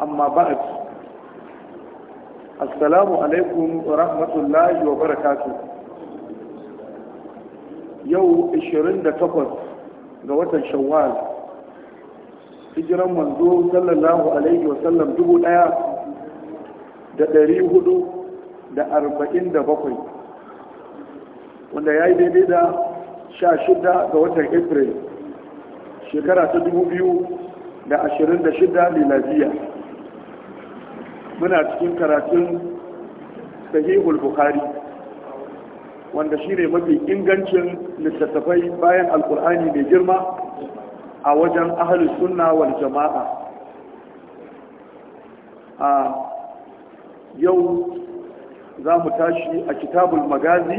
amma ba a ci assalamu alaikum wa rahmatullahi wa barakatu yau 28 ga watan shawwal hijiran manzo sallallahu alaihi wa sallam dubu daya da dari hudu da arba'in da bakwai wanda ya yi daidai da sha shida ga watan april shekara ta dubu biyu da ashirin da shida liladiya muna cikin karatun sahihul bukhari wanda shi ne mafi ingancin littattafai bayan alkur'ani mai girma a wajen ahalin sunna wal jama'a a yau za mu tashi a kitabul magazi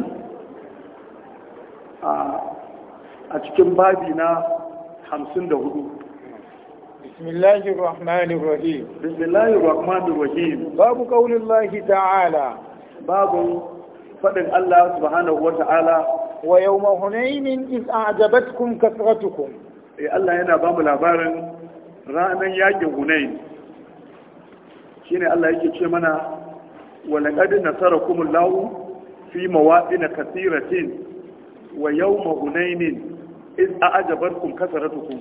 a cikin babi na 54 بسم الله الرحمن الرحيم بسم الله الرحمن الرحيم باب قول الله تعالى باب فضل الله سبحانه وتعالى ويوم هنين إذ أعجبتكم كثرتكم إيه الله هنا بام العبارة رانا ياجي هنين شيني الله يجي تشمنا ولقد نصركم الله في مواطن كثيرة ويوم هنين إذ أعجبتكم كثرتكم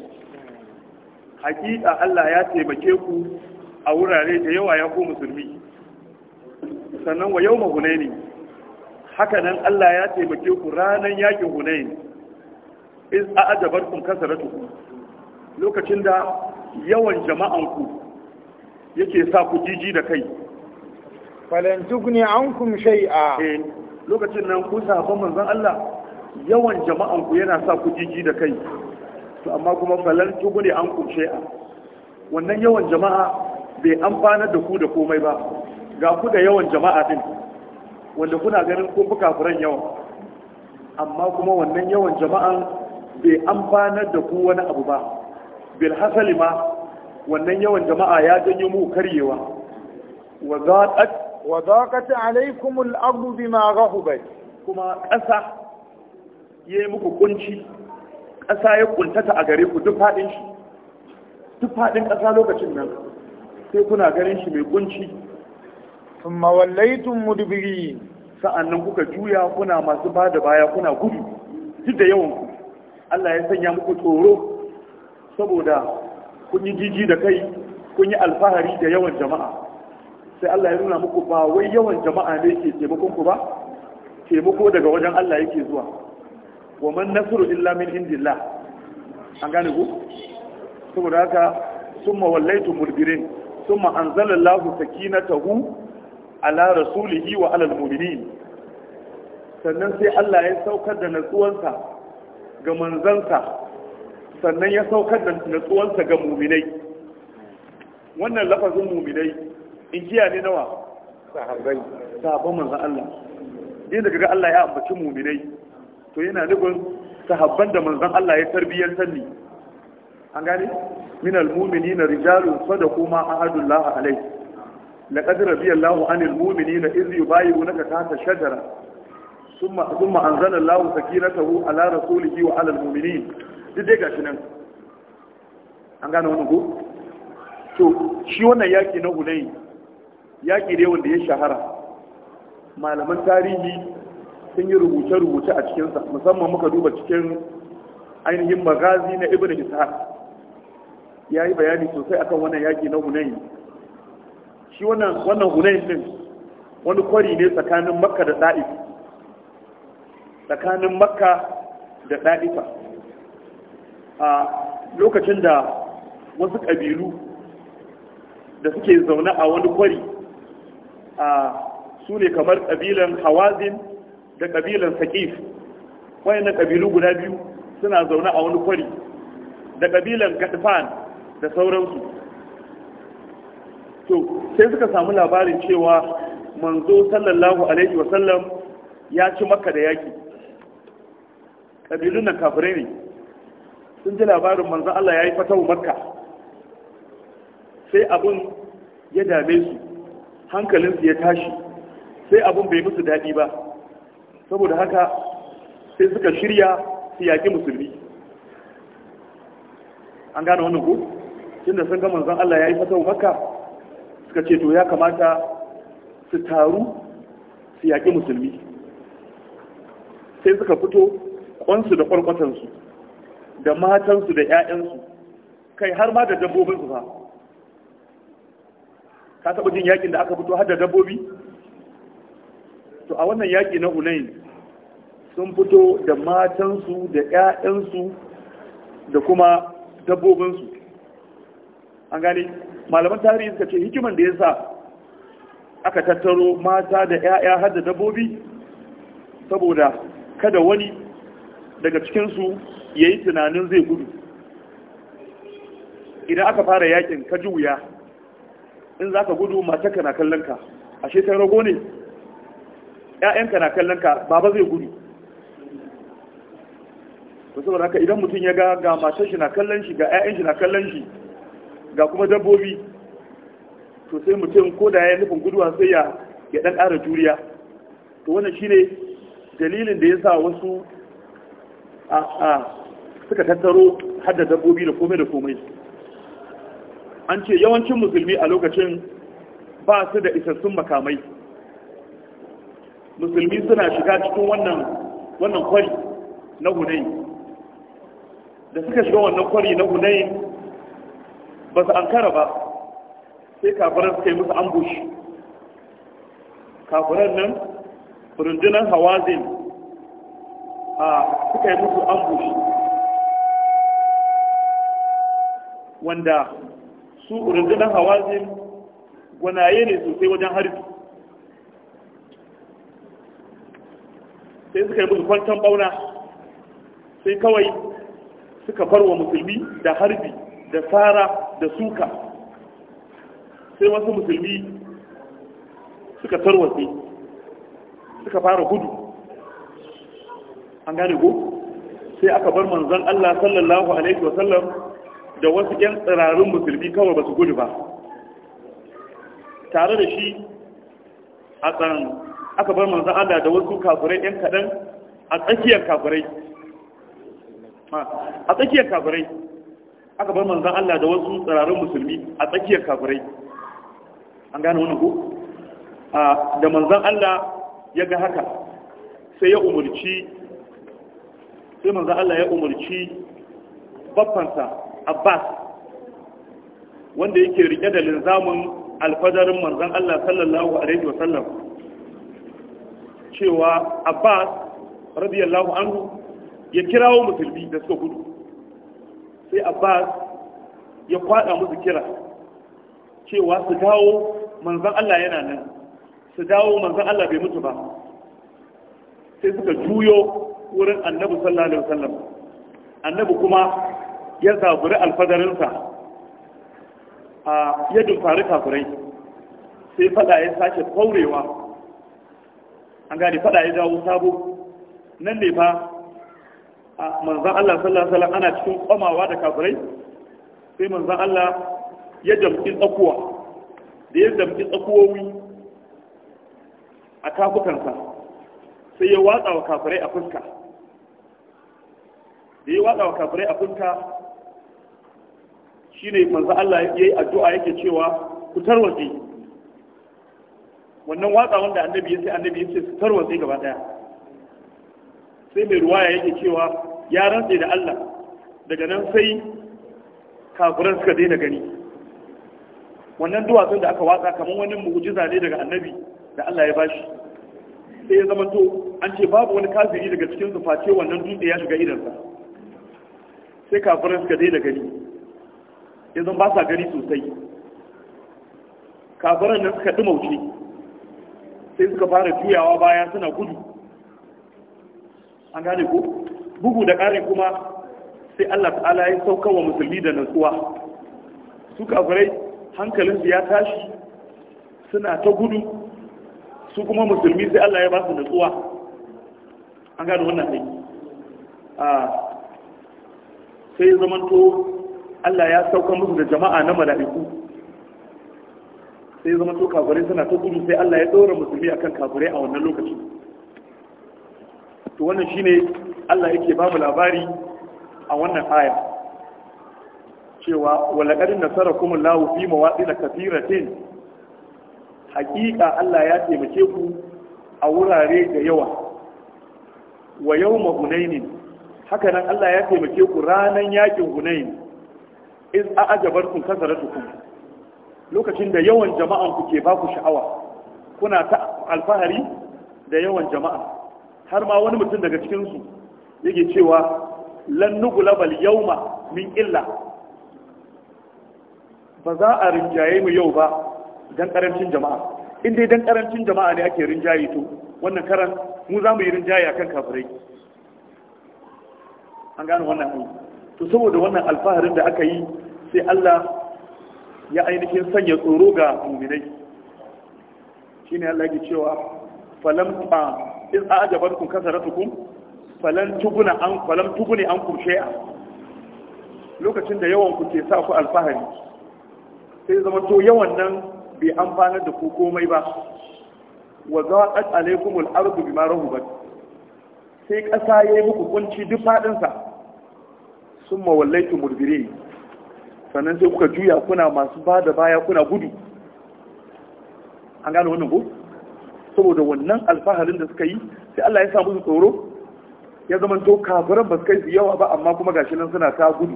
hakika Allah ya taimake ku a wurare da yawa ya ku musulmi sannan wa yau mahunaini haka nan Allah ya taimake ku ranar yakin hunaini iz a'jabarkum kasaratukum lokacin da yawan jama'anku yake sa ku jiji da kai falan tugni ankum shay'a eh lokacin nan ku sabon manzon Allah yawan jama'anku yana sa ku jiji da kai to amma kuma falan tugune an kumshe a wannan yawan jama'a bai amfanar da ku da komai ba ga ku da yawan jama'a din wanda kuna ganin ko fi furan yawan amma kuma wannan yawan jama'an bai amfanar da ku wani abu ba bil hasali ma wannan yawan jama'a ya janyo mu karyewa wa zaqat wa zaqat alaykum al-ardu bima kuma ƙasa yayi muku kunci ƙasa ya ƙuntata a gare ku duk faɗin shi duk faɗin ƙasa lokacin nan sai kuna ganin shi mai kunci sun mawallaitun mudubiri sa'an nan kuka juya kuna masu ba da baya kuna gudu duk da yawan ku Allah ya sanya muku tsoro saboda kun yi jiji da kai kun yi alfahari da yawan jama'a sai Allah ya nuna muku ba wai yawan jama'a ne ke taimakon ku ba taimako daga wajen Allah yake zuwa wa man nasru illa min indillah an gane ku saboda haka summa wallaitu mudbirin summa anzala Allahu sakinatahu ala rasulihi wa ala almu'minin sannan sai Allah ya saukar da natsuwansa ga manzansa sannan ya saukar da natsuwansa ga mu'minai wannan lafazin mu'minai in jiya ne nawa sahabbai sahabban manzan Allah din daga Allah ya ambaci mu'minai to yana nufin sahabban da manzon Allah ya tarbiyyantar sanni. an gane min almu'minina rijalun sadaqu ma ahadullah alai laqad radiyallahu anil mu'minina iz yubayyi'unaka tahta shajara thumma thumma anzala Allahu sakinatahu ala rasulihi wa ala almu'minin duk dai gashi nan an gane wannan ko to shi wannan yaki na Hunayn yaki ne wanda ya shahara malaman tarihi sun yi rubuce-rubuce a cikinsa musamman muka duba cikin ainihin magazi na ibn isa ya yi bayani sosai akan wannan yaki na hunayi shi wannan hunayi din wani kwari ne tsakanin makka da da'if tsakanin makka da ɗa'ifa a lokacin da wasu ƙabilu da suke zaune a wani kwari a su ne kamar ƙabilan hawazin da kabilan sakif wayannan kabilu guda biyu suna zaune a wani kwari da kabilan Katifan da sauransu to sai suka samu labarin cewa manzo sallallahu alaihi wasallam ya ci makka da yaki kabilun nan kafirai ne sun ji labarin manzo Allah ya yi fatahu makka sai abun ya dame su hankalinsu ya tashi sai abun bai musu daɗi ba saboda haka sai suka shirya su yaƙi musulmi an gane wannan ku tun da sun gama zan Allah ya yi fatau maka? suka ce to ya kamata su taru su yaƙi musulmi sai suka fito ƙwansu da ƙwarƙwatansu da matansu da 'ya'yansu kai har ma da dabbobinsu ba ka taɓa jin yaƙin da aka fito har da dabbobi to a wannan yaƙi na hunain sun fito da matansu da 'ya'yansu da kuma dabbobinsu an gane malaman tarihi suka ce hikiman da ya sa aka tattaro mata da 'ya'ya har da dabbobi saboda kada wani daga cikinsu ya yi tunanin zai gudu idan aka fara yakin ka ji wuya in za ka gudu mata kana kallon ka ashe ta rago ne yayanka na kallon ka baba zai gudu ba saboda haka idan mutum ya ga ga matan shi na kallon shi ga yayan shi na kallon shi ga kuma dabbobi to sai mutum ko da ya nufin guduwa sai ya ya dan ƙara juriya to wannan ne dalilin da ya sa wasu a a suka tattaro hadda dabbobi da komai da komai an ce yawancin musulmi a lokacin ba su da isassun makamai musulmi suna shiga cikin wannan wannan kwari na hunayi da suka shiga wannan kwari na hunayi ba su ankara ba sai kafiran suka yi musu ambush kafiran nan rundunar hawazin a suka yi musu ambush wanda su rundunar hawazin gwanaye ne sosai wajen harbi sai suka yi musu kwantan bauna sai kawai suka farwa musulmi da harbi da tsara da suka sai wasu musulmi suka tarwatse suka fara gudu an gane ko sai aka bar manzan Allah sallallahu alaihi wasallam da wasu 'yan tsirarin musulmi kawai ba su gudu ba tare da shi a tsaron aka bar manzan Allah da wasu kafirai ɗan kaɗan a tsakiyar kafirai a tsakiyar kafirai aka bar manzan Allah da wasu tsirarin musulmi a tsakiyar kafirai an gane wani ku da manzan Allah ya ga haka sai ya umarci sai manzan Allah ya umarci baffansa Abbas wanda yake rike da linzamin alfadarin manzan Allah sallallahu alaihi wasallam cewa Abbas radiyallahu anhu ya kirawo musulmi da suka gudu sai Abbas ya kwada musu kira cewa su dawo manzan Allah yana nan su dawo manzan Allah bai mutu ba sai suka juyo wurin annabi sallallahu alaihi wasallam annabi kuma ya zaburi alfadarinsa a yadda faru kafirai sai fada ya sake kaurewa an gane fada ya dawo sabo nan ne fa a manzan Allah sallallahu ana cikin kwamawa da kafirai sai manzan Allah ya damki tsakuwa da ya damki tsakuwowi a tafukansa sai ya watsa wa kafirai a fuska da ya watsa wa kafirai a fuska shine manzo Allah yayi addu'a yake cewa ku tarwatsi wannan watsa wanda annabi ya sai annabi ya ce su tarwatsi gaba daya sai mai ruwaya yake cewa ya rantse da Allah daga nan sai kafiran suka daina gani wannan duwatsun da aka watsa kamar wani mu'jiza ne daga annabi da Allah ya bashi sai ya zama an ce babu wani kafiri daga cikin su face wannan dutse ya shiga idansa sai kafiran suka daina gani ya zan ba sa gani sosai kafaran nan suka dumauce sai suka fara juyawa baya suna gudu an gane ku bugu da ƙari kuma sai Allah ta'ala ya sauka wa musulmi da nasuwa su kafirai hankalinsu ya tashi suna ta gudu su kuma musulmi sai Allah ya ba su nasuwa an gane wannan ne ah, sai ya zamanto Allah ya sauka musu da jama'a na mala'iku sai zama to kafirai suna ta gudu sai Allah ya ɗora musulmi akan kafirai a wannan lokaci to wannan shine Allah yake ba mu labari a wannan aya cewa walaqad nasarakum Allah fi mawadin kathiratin haƙiƙa Allah ya taimake ku a wurare da yawa wa yawma hunainin haka nan Allah ya taimake ku ranan yakin hunain iz kasara kasaratukum lokacin da yawan jama'an ku ke baku sha'awa kuna ta alfahari da yawan jama'a har ma wani mutum daga cikin su yake cewa lan nuglabal yawma min illa ba za a rinjaye mu yau ba dan karancin jama'a in dai dan karancin jama'a ne ake rinjaye to wannan karan mu za mu yi rinjaye akan kafirai an gano wannan aiki to saboda wannan alfaharin da aka yi sai Allah ya ainihin sanya tsoro ga muminai shi ne Allah ke cewa falam ba in ajabar kun kasara tukun falam tuguna ne an kurshe a lokacin da yawan ku ke sa ku alfahari sai zama to yawan nan bai amfanar da ku komai ba wa zaqat alaykum al'arzu bi bima hubar sai ƙasa yayi muku kunci duk faɗinsa. Sun summa wallaitu sannan sai kuka juya kuna masu ba da baya kuna gudu an gano wannan ko saboda wannan alfaharin da suka yi sai Allah ya sa musu tsoro ya zama to kafiran ba su kai su yawa ba amma kuma gashi nan suna ta gudu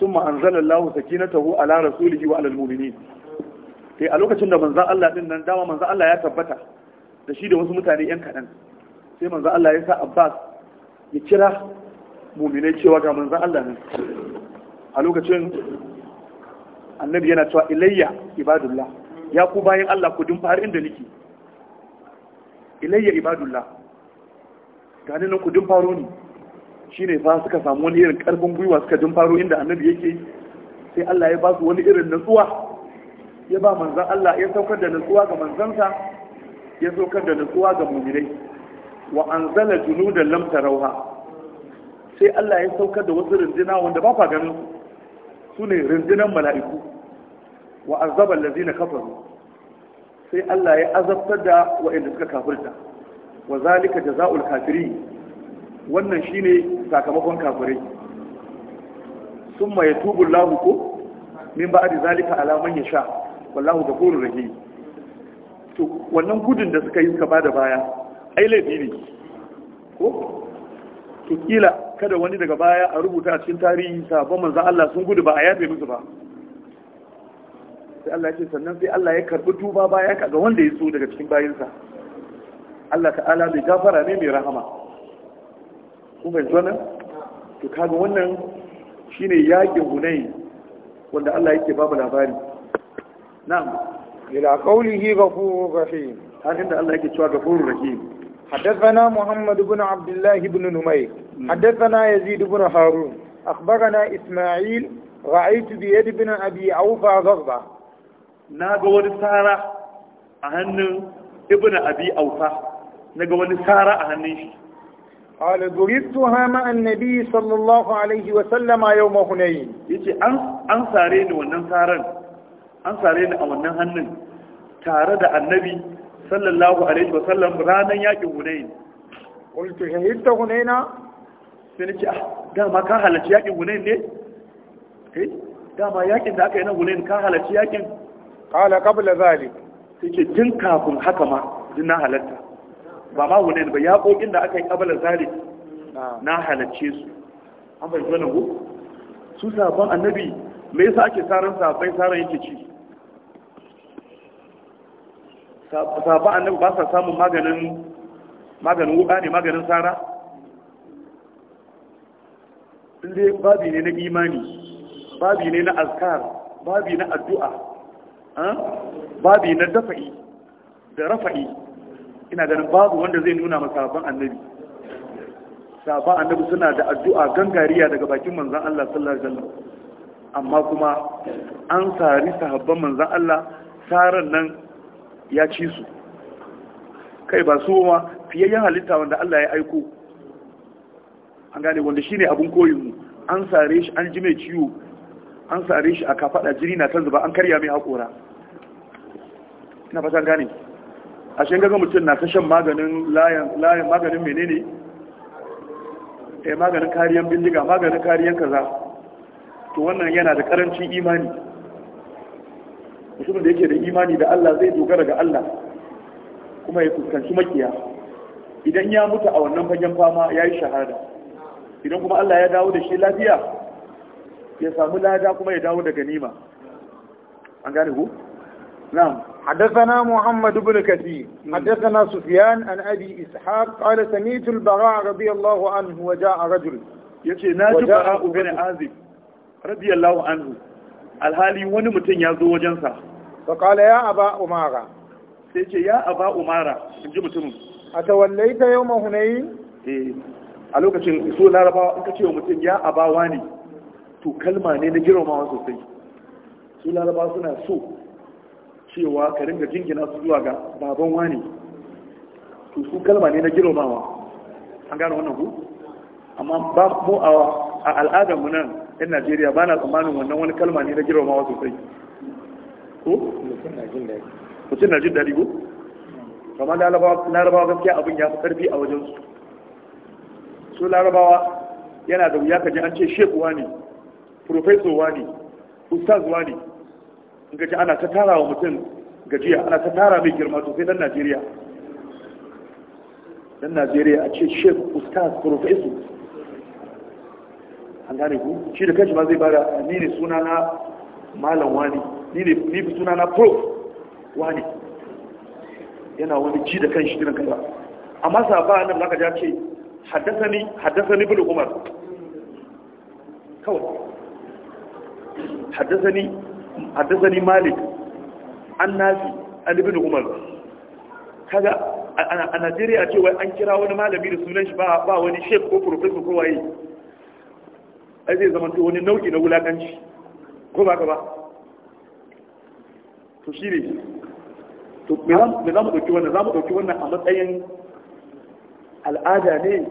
sun ma'anzalar lahu sakinatahu ala rasulihi wa alal mu'minin sai eh, a lokacin da manzon Allah din nan dama manzon Allah ya tabbata da shi da wasu mutane yan kadan sai manzon Allah ya sa Abbas ya kira mu'minai cewa ga manzon Allah nan a lokacin annabi yana cewa ilayya ibadullah ya ku bayan Allah ku din har inda nake ilayya ibadullah gani nan ku din faro ne shine fa suka samu wani irin karfin gwiwa suka din faro inda annabi yake sai Allah ya ba su wani irin nutsuwa ya ba manzan Allah ya saukar da nutsuwa ga manzansa ya saukar da nutsuwa ga mu'minai wa anzala junudan lam tarawha sai Allah ya saukar da wasu rinjina wanda ba fa ganin su su ne rundunar mala'iku wa azabar na kafaru sai Allah ya azabtar da waɗanda suka kafirta wa zalika jaza'ul kafiri wannan shi ne sakamakon kafirai Sun ma ya Allahu ko min da zalika ala man wallahu ghafurur rage to wannan gudun da suka yi suka da baya ai laifi ne ko to kila kada wani daga baya a rubuta a cikin tarihi sabon manzan Allah sun gudu ba a yafe musu ba sai Allah ce sannan sai Allah ya karɓi tuba baya ga wanda ya so daga cikin bayinsa Allah ta'ala mai gafara ne mai rahama kuma yanzu nan to kaga wannan shine yakin hunayi wanda Allah yake babu labari na'am ila qawlihi ghafurur rahim har inda Allah yake cewa ghafurur rahim حدثنا محمد بن عبد الله بن نمير حدثنا يزيد بن هارون أخبرنا إسماعيل رأيت بيد بن أبي أوفى ضربة ناقة سارة أهن ابن أبي أوفى ناقة سارة أهن قال ضربتها مع النبي صلى الله عليه وسلم يوم هنين يجي أنصارين وننصارين أنصارين أو نهنن تارد النبي sallallahu alaihi wa sallam ranan yakin hunain qultu shahidta hunaina sai nake ah dama ka halarci yakin hunain ne eh dama yakin da aka yi na hunain ka halarci yakin qala qabla zalik sai tun kafin haka ma din na halarta ba ma hunain ba yakokin da aka yi qabla zalik na halarce su an bai su sabon annabi me yasa ake saran sabai saran yake ci sahabba annabi ba sa samun maganin maganin wuka ne maganin tsara inda babi ne na imani babi ne na azkar babi na addu'a babi na dafa'i da rafa'i ina ganin babu wanda zai nuna masa sahabban annabi sahabban annabi suna da addu'a gangariya daga bakin manzan Allah sallallahu alaihi wasallam amma kuma an sari sahabban manzan Allah saran nan ya ci su kai ba su ma fiyayyen halitta wanda Allah ya aiko an gane wanda shine abun koyin mu an sare shi an ji mai ciwo an sare shi a kafada jiri na ta zuba an karya mai hakora ina fatan gane a shi ga mutum na ta shan maganin layan maganin menene eh maganin kariyan bindiga maganin kariyan kaza to wannan yana da karancin imani mutumin da yake da imani da Allah zai dogara ga Allah kuma ya fuskanci makiya idan ya mutu a wannan fagen fama ya yi shahada idan kuma Allah ya dawo da shi lafiya ya samu lada kuma ya dawo da ganima an gane ku na'am حدثنا محمد بن كثير حدثنا سفيان عن ابي اسحاق قال سمعت البراء رضي الله عنه وجاء رجل يجي ناجي براء بن عازب رضي الله عنه alhali wani mutum ya zo wajensa faƙala ya aba umara sai ce ya aba umara in ji mutumin a tawallai ta yau mahunayi eh, a lokacin so larabawa in ka ce wa mutum ya abawa ne to kalma ne na girmamawa sosai su larabawa suna so cewa ka ringa jingina su zuwa ga baban wani to su kalma ne na girmamawa an gano wannan ku amma ba mu a al'adar mu nan 'yan najeriya ba na tsammanin wannan wani kalma ne na girmamawa sosai ko? mutum na jin daɗi ko? kama larabawa gaskiya abin ya fi ƙarfi a wajensu su larabawa yana da wuya ka ji an ce shekuwa ne wa ne wa ne in gaji ana ta tara wa mutum gajiya ana ta tara mai girma sosai dan najeriya dan najeriya a ce shek ustaz profesor an gane ku shi da kanshi ma zai bada ni ne suna na malam wani ni ne ni fi suna na prof wani yana wani ji da kanshi irin kaza amma ba annabi zaka ja ce Haddasa haddasa ni bin umar kawai Haddasa ni malik an nafi an ibn umar kaga a Najeriya ce wai an kira wani malami da sunan shi ba wani shek ko profesor ko waye aje zama to wani nau'i na wulakanci ko ba ka ba to shi ne to me za mu ɗauki wannan za mu ɗauki wannan a matsayin al'ada ne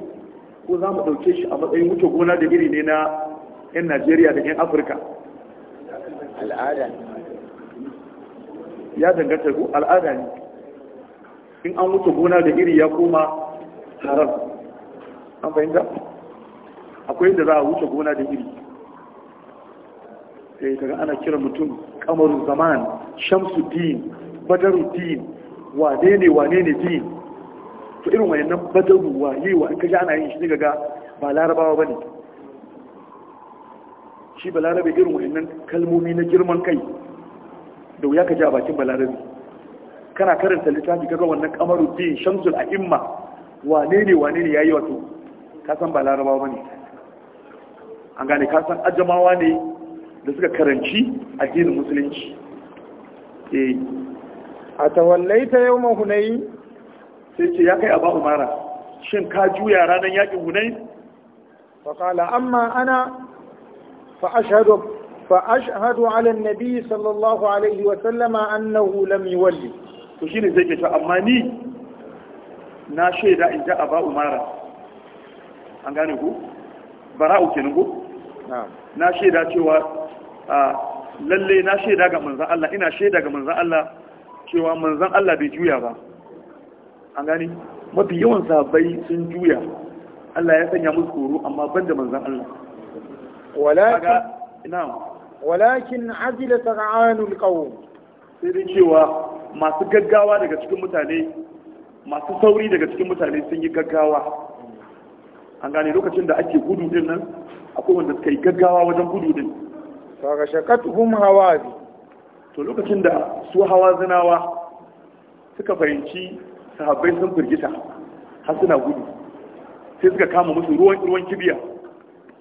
ko za mu ɗauke shi a matsayin wuce gona da iri ne na 'yan najeriya da 'yan afirka al'ada ya danganta ko al'ada ne in an wuce gona da iri ya koma haram an fahimta akwai inda za a wuce gona da iri sai kaga ana kira mutum kamarun zaman shamsu din badaru din wane ne wane ne din to irin wayannan badaru waye wa in kaji ana yin shi ne ga ba larabawa ba ne shi balarabe irin wayannan kalmomi na girman kai da wuya kaji a bakin balarabe kana karanta littafi kaga wannan kamaru din shamsul a'imma wane ne wane ne yayi wato ka san ba larabawa ba ne an gane kasan ajamawa ne da suka karanci addinin musulunci eh. a tawallai ta yau ma hunayi sai ce ya kai a ba'u mara. shin ka juya ranar yakin hunayi faƙala amma ana fa'ashahadu alin nabi sallallahu alaihi wasallama annahu lam walli to shi ne zai ta amma ni na shaida in ja a ba'u mara. an gane ku bara'u kenan ku na shaida cewa lalle na shaida ga manzan Allah ina shaida ga manzan Allah cewa manzan Allah bai juya ba an gani mafi yawan sabai sun juya Allah ya sanya musu koro amma ban da manzan Allah walakin na'am walakin azila sa'anul qawm sai dai cewa masu gaggawa daga cikin mutane masu sauri daga cikin mutane sun yi gaggawa an gane lokacin da ake gudu din nan akwai wanda suka yi gaggawa wajen gudu din saka shakatuhum hawazi to lokacin da su hawa zinawa suka fahimci sahabbai sun firgita har suna gudu sai suka kama musu ruwan ruwan kibiya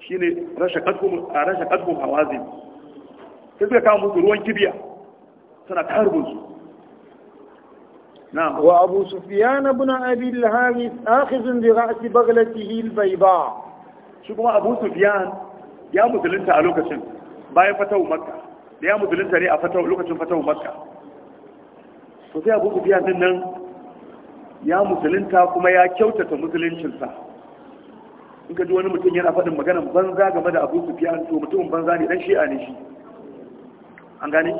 shine rasha katkum a rasha katkum hawazin sai suka kama musu ruwan kibiya suna tarbin su نعم وأبو سفيان بن أبي الهارث آخذ برأس بغلته البيضاء shi kuma abu sufiyan ya musulunta a lokacin bayan Fatawu makka da ya musulunta ne a lokacin Fatawu makka to sai abu sufiyan din nan ya musulunta kuma ya kyautata musuluncinsa in ka ji wani mutum yana faɗin magana banza game da abu sufiyan to mutumin banza ne dan shi'a ne shi an gane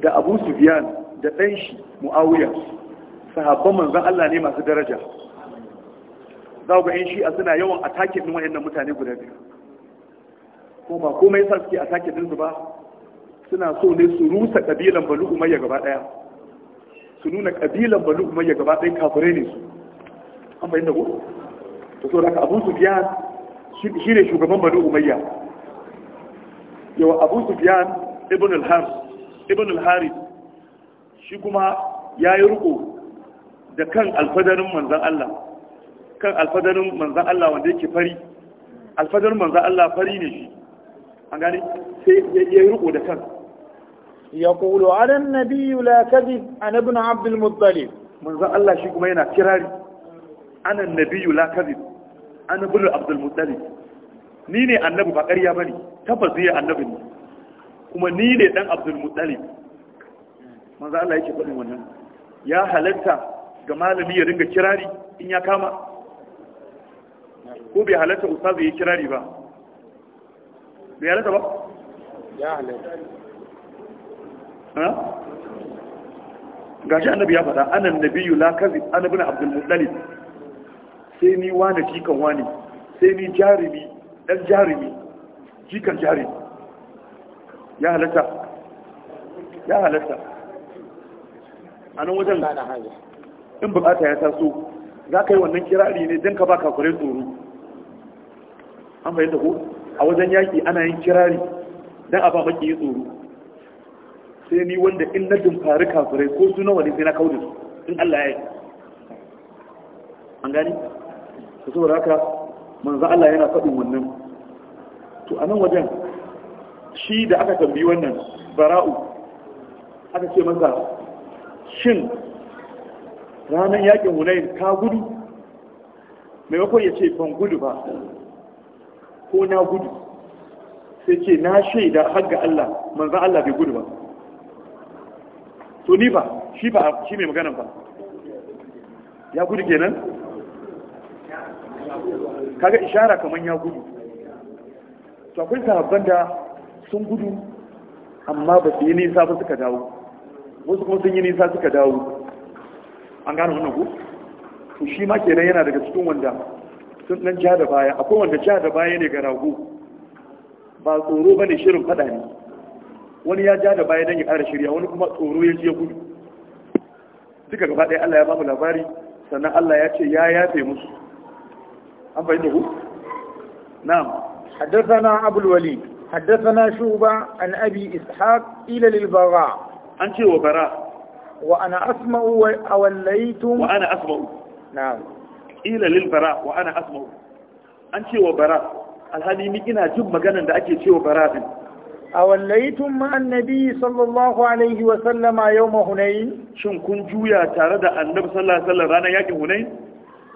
da abu sufiyan da ɗan shi mu'awiya sahabban manzan Allah ne masu daraja za ga shi a suna yawan attacking din wayannan mutane guda biyu ko ba komai yasa suke attacking din su ba suna so ne su rusa kabilan Banu Umayya gaba daya su nuna kabilan Banu Umayya gaba daya kafire ne su an da ko to so haka Abu Sufyan shine shugaban Banu Umayya yawa Abu Sufyan ibn al-Harith ibn al-Harith shi kuma yayi ruku da kan alfadarin manzon Allah kan alfadarin manzan Allah wanda yake fari alfadarin manzan Allah fari ne shi an gani? sai ya yi riko da kan yaqulu ala an Nabiyu la kadhib an ibn abd al-muttalib manzan Allah shi kuma yana kirari ana Nabiyu la kadhib ana ibn abd al-muttalib ni ne annabi ba ƙarya bane tabbas ne annabi ne kuma ni ne dan abd al-muttalib manzan Allah yake faɗin wannan ya halatta ga malami ya ringa kirari in ya kama ko bai halatta ustazu ya kirari ba bai halatta ba ya halatta gashi annabi ya faɗa anan nabiyyu la kazi, annabi na abdul muttalib sai ni wani jikan wani sai ni jarumi dan jarumi jikan jarumi ya halatta ya halatta a nan wajen in bukata ya taso za ka yi wannan kirari ne don ka ba kakurai tsoro an da ko a wajen yaƙi ana yin kirari don a ba maki yi tsoro sai ni wanda in na dumfari kafirai ko su nawa ne sai na kauda su in Allah ya yi an gani su saboda haka manzo Allah yana faɗin wannan to a nan wajen shi da aka tambayi wannan bara'u aka ce masa shin ranar yakin hunayin ka gudu maimakon ya ce ban gudu ba ko na gudu sai ce na shaida har ga Allah manzan Allah bai gudu ba to ni ba shi ba shi mai magana ba ya gudu kenan kaga ishara kaman ya gudu to akwai sahabban da sun gudu amma ba su yi nisa ba suka dawo wasu kuma sun yi nisa suka dawo an gane wannan ku to shi ma kenan yana daga cikin wanda sun dan ja da baya akwai wanda ja da baya ne ga rago ba tsoro ba ne shirin fada ne wani ya ja da baya don ya ƙara shirya wani kuma tsoro ya je gudu duka gaba ɗaya Allah ya ba mu labari sannan Allah ya ce ya yafe musu an fahimta ku na'am حدثنا أبو الوليد حدثنا شوبة عن أبي إسحاق إلى للبراء wa شيء وبراء وأنا أسمع وأوليتم وأنا أسمع نعم qila lil bara wa ana asma'u an ce wa bara alhali ni ina jin maganan da ake cewa bara din awallaitum ma annabi sallallahu alaihi wa sallama yawma hunain shin kun juya tare da annabi sallallahu alaihi wasallam ranar yakin hunain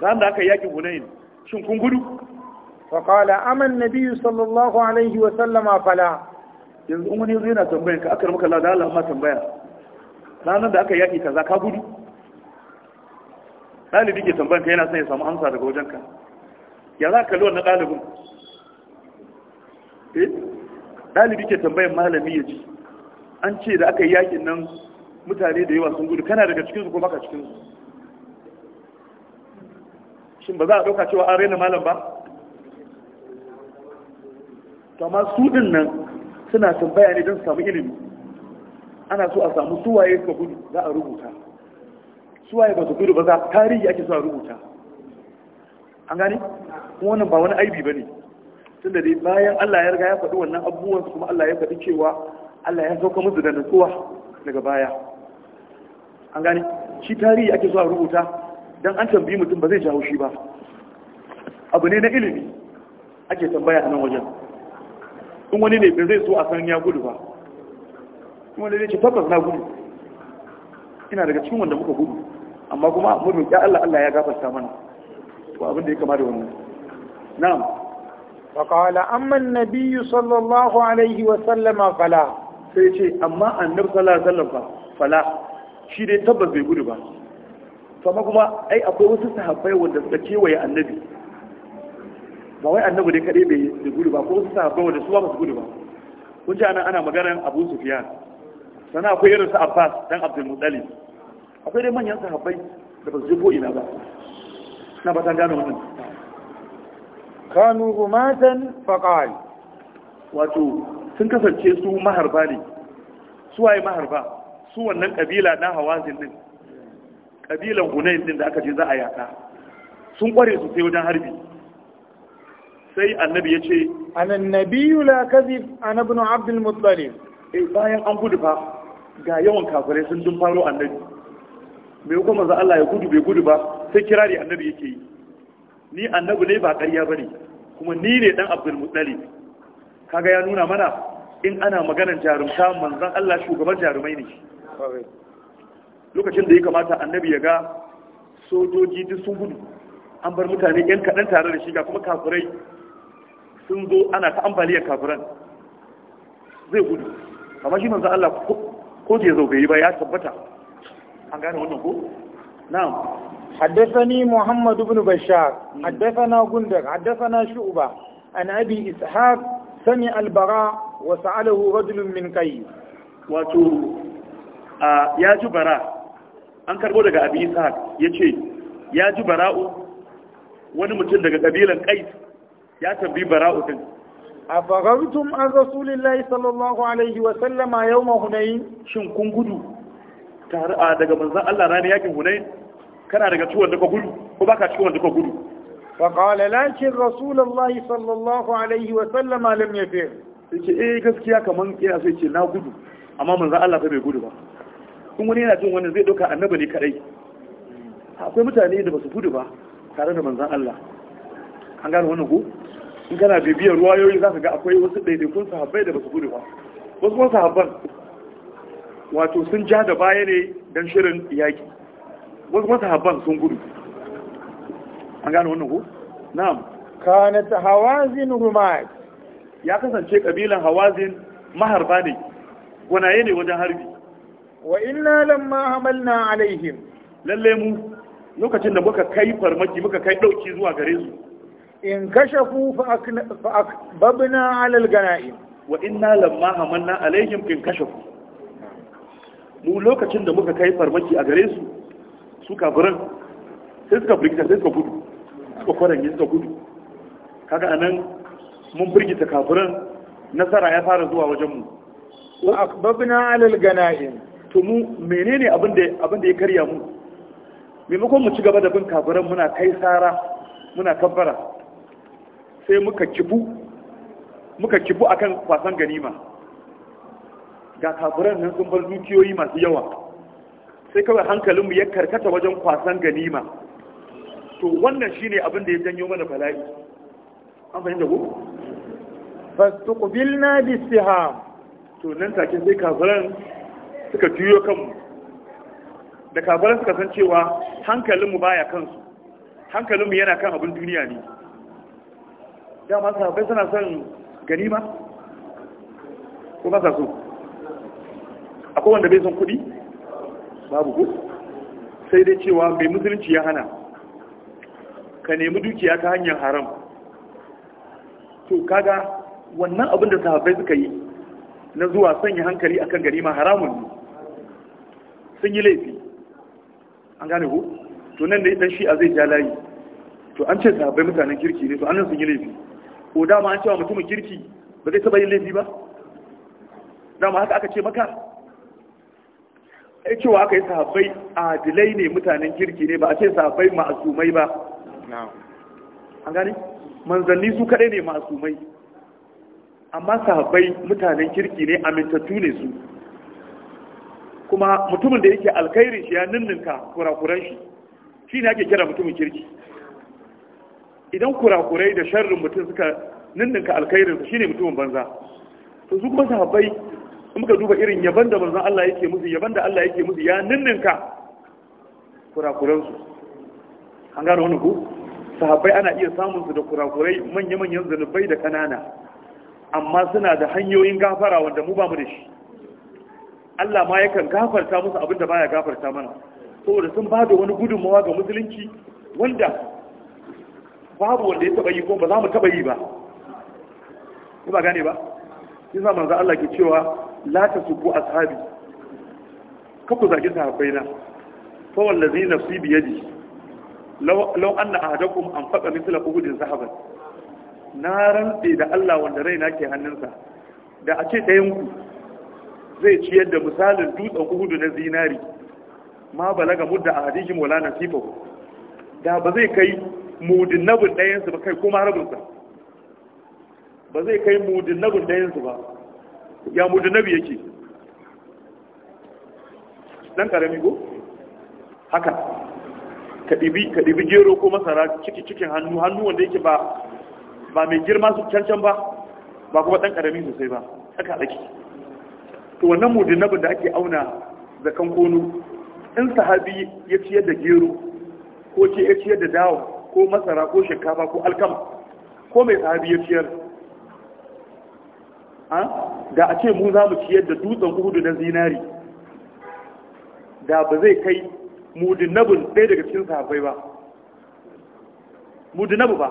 ranar da aka yakin hunain shin kun gudu fa qala aman nabi sallallahu alaihi wa sallama fala yanzu umma ne yana tambayan ka akar maka Allah da Allah ma tambaya ranar da aka yaki kaza ka gudu ɗalibi ke tambayan ka yana son ya samu amsa daga wajen ka ya za ka kalli wannan ɗalibin eh ɗalibi ke tambayan malami ya ji an ce da aka yi yakin nan mutane da yawa sun gudu kana daga cikinsu ko baka cikinsu shin ba za a ɗauka cewa an raina malam ba kama su ɗin nan suna tambaya ne don samu ilimi ana so a samu suwaye ka gudu za a rubuta suwaye ba su kudu ba za tarihi ake suwa rubuta an gani wannan ba wani aibi ba ne da dai bayan Allah ya riga ya faɗi wannan abubuwan kuma Allah ya faɗi cewa Allah ya sauka musu da nutsuwa daga baya an gani shi tarihi ake so a rubuta don an tambayi mutum ba zai jawo shi ba abu ne na ilimi ake tambaya a nan wajen in wani ne ba zai so a san ya gudu ba in wani ne ce tabbas na gudu ina daga cikin wanda muka gudu amma kuma mutum ya Allah Allah ya gafarta mana to abin da ya kama da wannan na'am fa qala amma an-nabiy sallallahu alaihi wa sallama fala sai ce amma annabi sallallahu alaihi fala shi dai tabbas bai gudu ba to amma kuma ai akwai wasu sahabbai wanda suka kewaye annabi ba wai annabi dai kadai bai gudu ba ko wasu sahabbai wanda su ba su gudu ba kun ji ana magana Abu Sufyan sana akwai irin su Abbas dan Abdul Muttalib akwai dai manyan sahabbai da ba su je ko ina ba na ba ta gano wannan kanu rumatan faqal wato sun kasance su maharba ne su waye maharba su wannan kabila na hawazin din kabilan hunain din da aka je za a yaka sun kware su sai wajen harbi sai annabi ya ce anan Nabiyu la kadhib ana ibn abd al-muttalib eh bayan an gudu fa ga yawan kafirai sun dun faro annabi mai hukumar manzo Allah ya gudu bai gudu ba sai kirari annabi yake yi ni annabi ne ba ƙarya ne kuma ni ne dan Abdul Muttalib kaga ya nuna mana in ana maganar jarumta manzon Allah shugaban jarumai ne lokacin da ya kamata annabi ya ga sojoji duk sun gudu an bar mutane yan kaɗan tare da shi ga kuma kafirai sun zo ana ta ambaliyar kafiran zai gudu amma shi manzon Allah ko ya zo bai yi ba ya tabbata an gane wannan ko na'am haddathani muhammad ibn bashar haddathana gundar shu'ba an abi ishaq sami albara wa sa'alahu rajul min kai wato a ya ji bara an karbo daga abi ishaq yace ya ji bara'u wani mutum daga kabilan qais ya tambi bara'u din a fagarutum an rasulillahi sallallahu alaihi wa sallama yau mahunayi shin kun gudu tare a daga manzan Allah ranar yakin Hunain kana daga ciwon duka ka gudu ko baka ciwon da ka gudu فقال لكن رسول الله صلى الله عليه وسلم لم يفعل yace eh gaskiya kaman ina so yace na gudu amma manzan Allah fa bai gudu ba kun wani yana jin wani zai dauka annabi ne kadai akwai mutane da basu gudu ba tare da manzan Allah an gane wannan ko in kana bibiyar ruwayoyi zaka ga akwai wasu daidaikun sahabbai da basu gudu ba wasu sahabban wato sun ja da baya ne don shirin yaƙi wasu masu sun gudu an gane wannan ku? na'am kanat hawazin rumat ya kasance kabilan hawazin maharba ne gwanaye ne wajen harbi wa inna lamma hamalna alaihim lalle mu lokacin da muka kai farmaki muka kai ɗauki zuwa gare su in kashe kashafu fa akbabna ala alganaim wa inna lamma hamalna alaihim in kashe ku. mu lokacin da muka kai farmaki a gare su su kafiran sai suka firgita sai suka gudu suka kwaranye suka gudu kaga anan mun firgita kafiran nasara ya fara zuwa wajen mu wa akbabna alal ganaim to mu menene abin da abin da ya karya mu maimakon mu ci gaba da bin kafiran muna kai sara muna kabbara sai muka kibu muka kibu akan kwasan ganima ga kafiran nan sun bar dukiyoyi masu yawa sai kawai hankalinmu ya karkata wajen kwasan ganima to wannan shine abin da ya janyo mana bala'i an fahimta ko fastuqbilna bisiham to nan take sai kafiran suka juyo kanmu da kafiran suka san cewa hankalinmu baya kansu hankalinmu yana kan abin duniya ne dama sahabbai suna son ganima ko ba sa so akwai wanda bai son kuɗi babu ku sai dai cewa mai musulunci ya hana ka nemi dukiya ta hanyar haram to kaga wannan abin da sahabbai suka yi na zuwa sanya hankali akan ma haramun ne sun yi laifi an gane ku to nan da idan a zai ja layi to an ce sahabbai mutanen kirki ne to nan sun yi laifi ko dama an cewa mutumin kirki ba zai taba yin laifi ba dama haka aka ce maka ai eh, cewa aka yi sahabbai adilai ne mutanen kirki ne ba a ce sahabbai ma'asumai ba an gani manzanni su kaɗai ne ma'asumai amma sahabbai mutanen kirki ne amintattu ne su kuma mutumin da yake alkhairin shi ya ninninka kurakuran shi shi ne ake kira mutumin kirki idan kurakurai da sharrin mutum suka ninninka alkhairin shi ne mutumin banza to su kuma sahabbai in muka duba irin yaban da manzon Allah yake musu yaban da Allah yake musu ya ninninka kurakuran su an gano wannan ku sahabbai ana iya samun su da kurakurai manya-manyan zanubai da kanana amma suna da hanyoyin gafara wanda mu ba mu da shi Allah ma yakan gafarta musu abin da baya gafarta mana saboda sun ba da wani gudunmawa ga musulunci wanda babu wanda ya taba yi ko ba za mu taba yi ba ba gane ba shi sa manzo Allah ke cewa la tasubbu ashabi ka ku ta sahabbai na fa wallazi nafsi bi yadi law law anna ahadakum anfaqa mithla uhudin zahaban na rantse da Allah wanda raina ke hannunsa da a ce ɗayan ku zai ciyar da misalin dutsen uhudu na zinari ma balaga mudda a hadijin wala nasifahu da ba zai kai mudin nabin ɗayansu ba kai kuma harabinsa ba zai kai mudinabin ɗayansu ba ya mudinabi yake ɗan ƙarami ko haka ka ɗibi gero ko masara ciki cikin hannu hannu wanda yake ba ba mai girma su cancan ba ba kuma ɗan ƙarami sosai ba haka ɗaki to wannan mudinabin da ake auna zakan kono in sahabi ya ciyar da gero ko ce ya ciyar da dawo, ko masara ko shinkafa ko alkama ko mai sahabi ya ciyar da a ce mu za mu ciyar da dutsen uhudu na zinari da ba zai kai mudinabin ɗaya daga cikin sahabbai ba mudinabu ba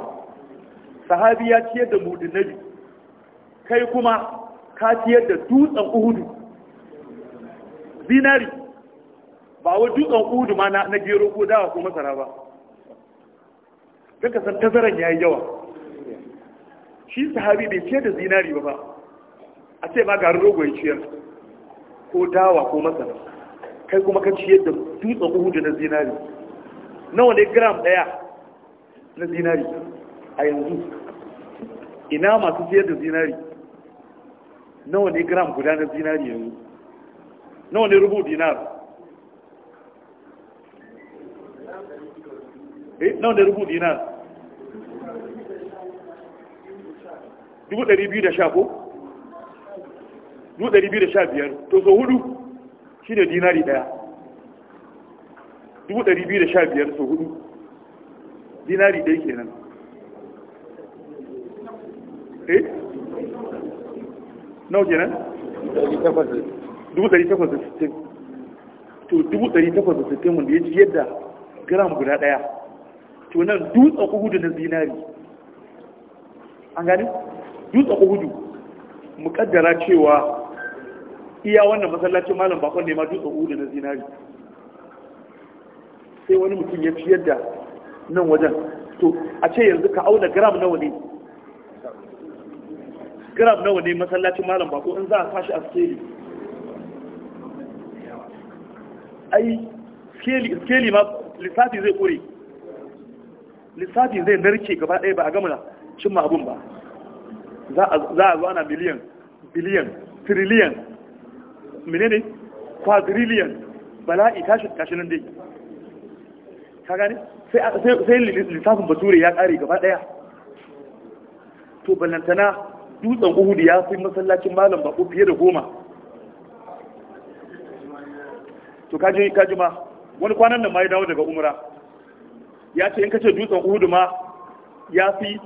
sahabi ya ciyar da mudinabi kai kuma ka ciyar da dutsen uhudu zinari ba wa dutsen uhudu ma na gero ko dawa ko masara ba kaka san tazaran ya yi yawa shi sahabi bai ciyar da zinari ba ba a ce ma ga rogo ya ciyar ko dawa ko masana kai kuma ka ciyar da dutsen uhudu na zinari nawa ne gram daya na zinari a yanzu ina masu ciyar da zinari nawa ne gram guda na zinari yanzu nawa ne rubu dinar eh nawa ne rubu dinar 2,200 ko? 215 to so hudu shi ne dinari daya 215 so hudu dinari daya kenan eh nau kenan? 860 to 860 wanda ya ji yadda gram guda daya to nan dutsen uhudu na zinari an gani dutsen uhudu mukaddara cewa iya wannan masallacin malam bakon ne ma dutsen udu na zinari sai wani mutum ya ciyar da nan wajen to a ce yanzu ka auna gram nawa ne gram nawa ne masallacin malam bako in za a kashi a skeli ai skeli ma lissafi zai kure lissafi zai narke gaba ɗaya ba a gama cimma abun ba za a zo ana miliyan biliyan triliyan menene quadrillion bala'i tashi tashi nan dai ka gane sai sai lissafin bature ya kare gaba daya to ballantana dutsen uhud ya fi masallacin malam bako fiye da goma to kaji kaji ma wani kwanan nan ma ya dawo daga umra ya ce in kace dutsen uhud ma ya fi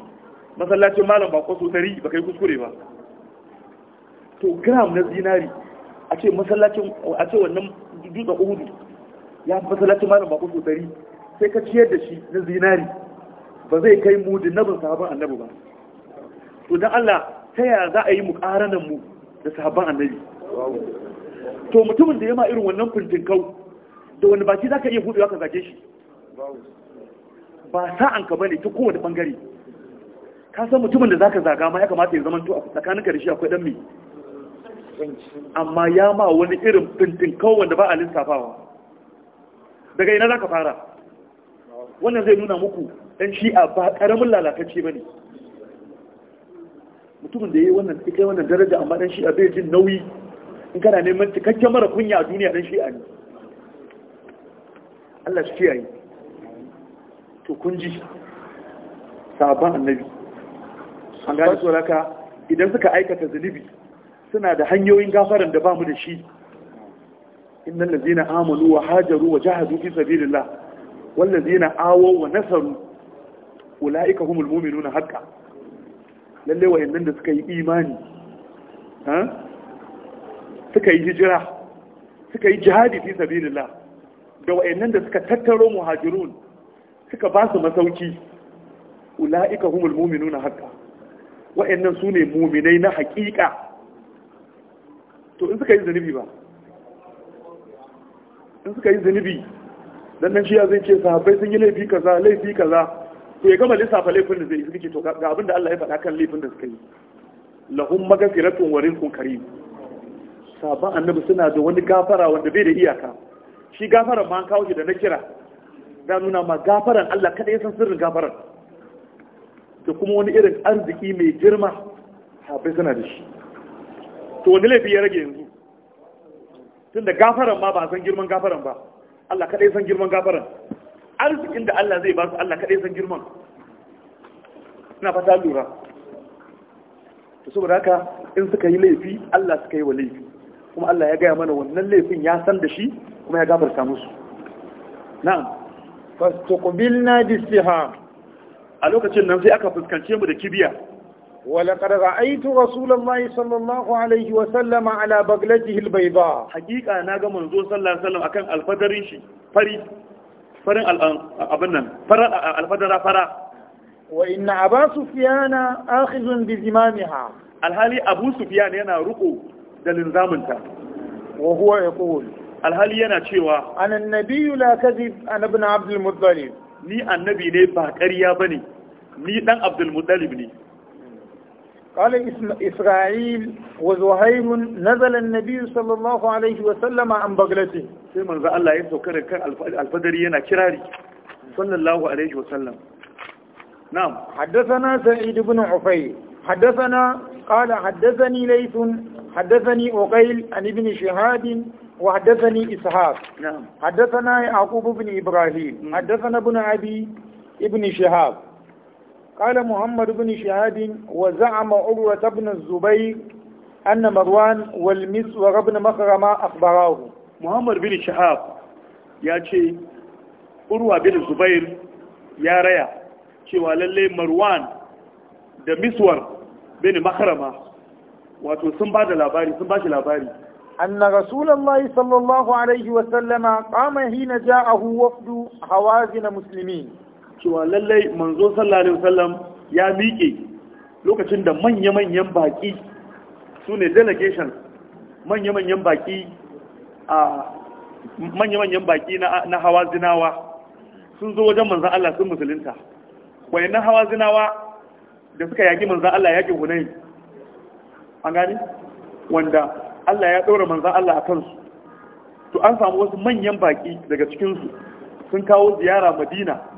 masallacin malam bako so tari ba kai kuskure ba to gram na zinari a ce masallacin a ce wannan dutsen uhudu ya fi masallacin malam bako so dari sai ka ciyar da shi na zinari ba zai kai mu da dinnabin sahaban annabi ba to dan Allah ta yaya za a yi mu ƙaranan mu da sahaban annabi to mutumin da ya ma irin wannan fintinkau da wani baki za ka iya buɗewa ka zage shi ba sa'an ka bane ta kowane bangare ka san mutumin da za ka zaga ma ya kamata ya zama to a tsakaninka da shi akwai dan mai amma ya ma wani irin fintin wanda ba a lissafawa daga ina za ka fara wannan zai nuna muku ɗan shi'a ba ƙaramin lalatacce ba ne mutumin da ya yi wannan ikai wannan daraja amma ɗan shi'a bai jin nauyi in kana neman cikakken mara kunya a duniya ɗan shi'a ne Allah shi kiyaye to kun ji sabon annabi an gane tsoraka idan suka aikata zunubi suna da hanyoyin gafaran da mu da shi innal ladzina amanu wa hajaru wa jahadu fi sabilillah wal ladzina awaw wa nasaru ulaika humul mu'minuna haqqan lalle wayannan da suka yi imani ha suka yi hijira suka yi jihadi fi sabilillah da wayannan da suka tattaro muhajirun suka ba su masauki ulaika humul mu'minuna Wa wayannan sune mu'minai na haƙiƙa to in suka yi zunubi ba in suka yi zunubi dan nan ya zai ce sahabbai sun yi laifi kaza laifi kaza to ya gama lissafa laifin da zai suke to ga abin da Allah ya faɗa kan laifin da suka yi lahum magfiratun wa rizqun karim sahabban annabi suna da wani gafara wanda bai da iyaka shi gafaran ma an kawo shi da na kira da nuna ma gafaran Allah kada ya san sirrin gafaran da kuma wani irin arziki mai girma sahabbai suna da shi to wani laifi ya rage yanzu tun da gafaran ma ba san girman gafaran ba Allah kaɗai san girman gafaran arzikin da Allah zai ba su Allah kaɗai san girman ina fata lura to saboda haka in suka yi laifi Allah suka yi wa laifi kuma Allah ya gaya mana wannan laifin ya san da shi kuma ya gafarta musu na'am fastuqbilna bisiham a lokacin nan sai aka fuskance mu da kibiya ولقد رأيت رسول الله صلى الله عليه وسلم على بغلته البيضاء حقيقة أنا قام منزول صلى الله عليه وسلم أكان الفدرين شي فري فرن أبنن فرن الفدر فرا وإن أبا سفيان آخذ بزمامها الحالي أبو سفيان ينا رقو دلن زامنتا وهو يقول alhali yana cewa anan nabiyu la kadhib an ibn abd al-muttalib ni annabi ne ba ƙarya bane ni dan abd al-muttalib ne قال إسرائيل وزهير نزل النبي صلى الله عليه وسلم عن بغلته sai manzo Allah ya saukar kan alfadari yana kirari sallallahu alaihi wasallam نعم حدثنا سعيد بن عفير حدثنا قال حدثني ليث حدثني أقيل عن ابن شهاد وحدثني إسحاق نعم حدثنا يعقوب بن إبراهيم حدثنا ابن أبي ابن شهاب قال محمد بن شهاب وزعم عروة بن الزبير أن مروان والمسور بن مخرمة أخبراه محمد بن شهاب يأتي عروة بن الزبير يا ريا cewa lalle da miswar bin makarama wato sun ba da labari sun ba shi labari anna rasulullahi sallallahu alaihi wasallama qama hina ja'ahu wafdu hawazin muslimin cewa lallai manzo sallallahu alaihi wasallam ya miƙe lokacin da manya-manyan baƙi su ne delegation manya-manyan baƙi a manya-manyan baƙi na hawa zinawa sun zo wajen manzan Allah sun musulunta wayannan hawa zinawa da suka yaƙi manzan Allah yaƙin hunayi an gani wanda Allah ya ɗora manzan Allah a kansu to an samu wasu manyan baƙi daga cikinsu sun kawo ziyara madina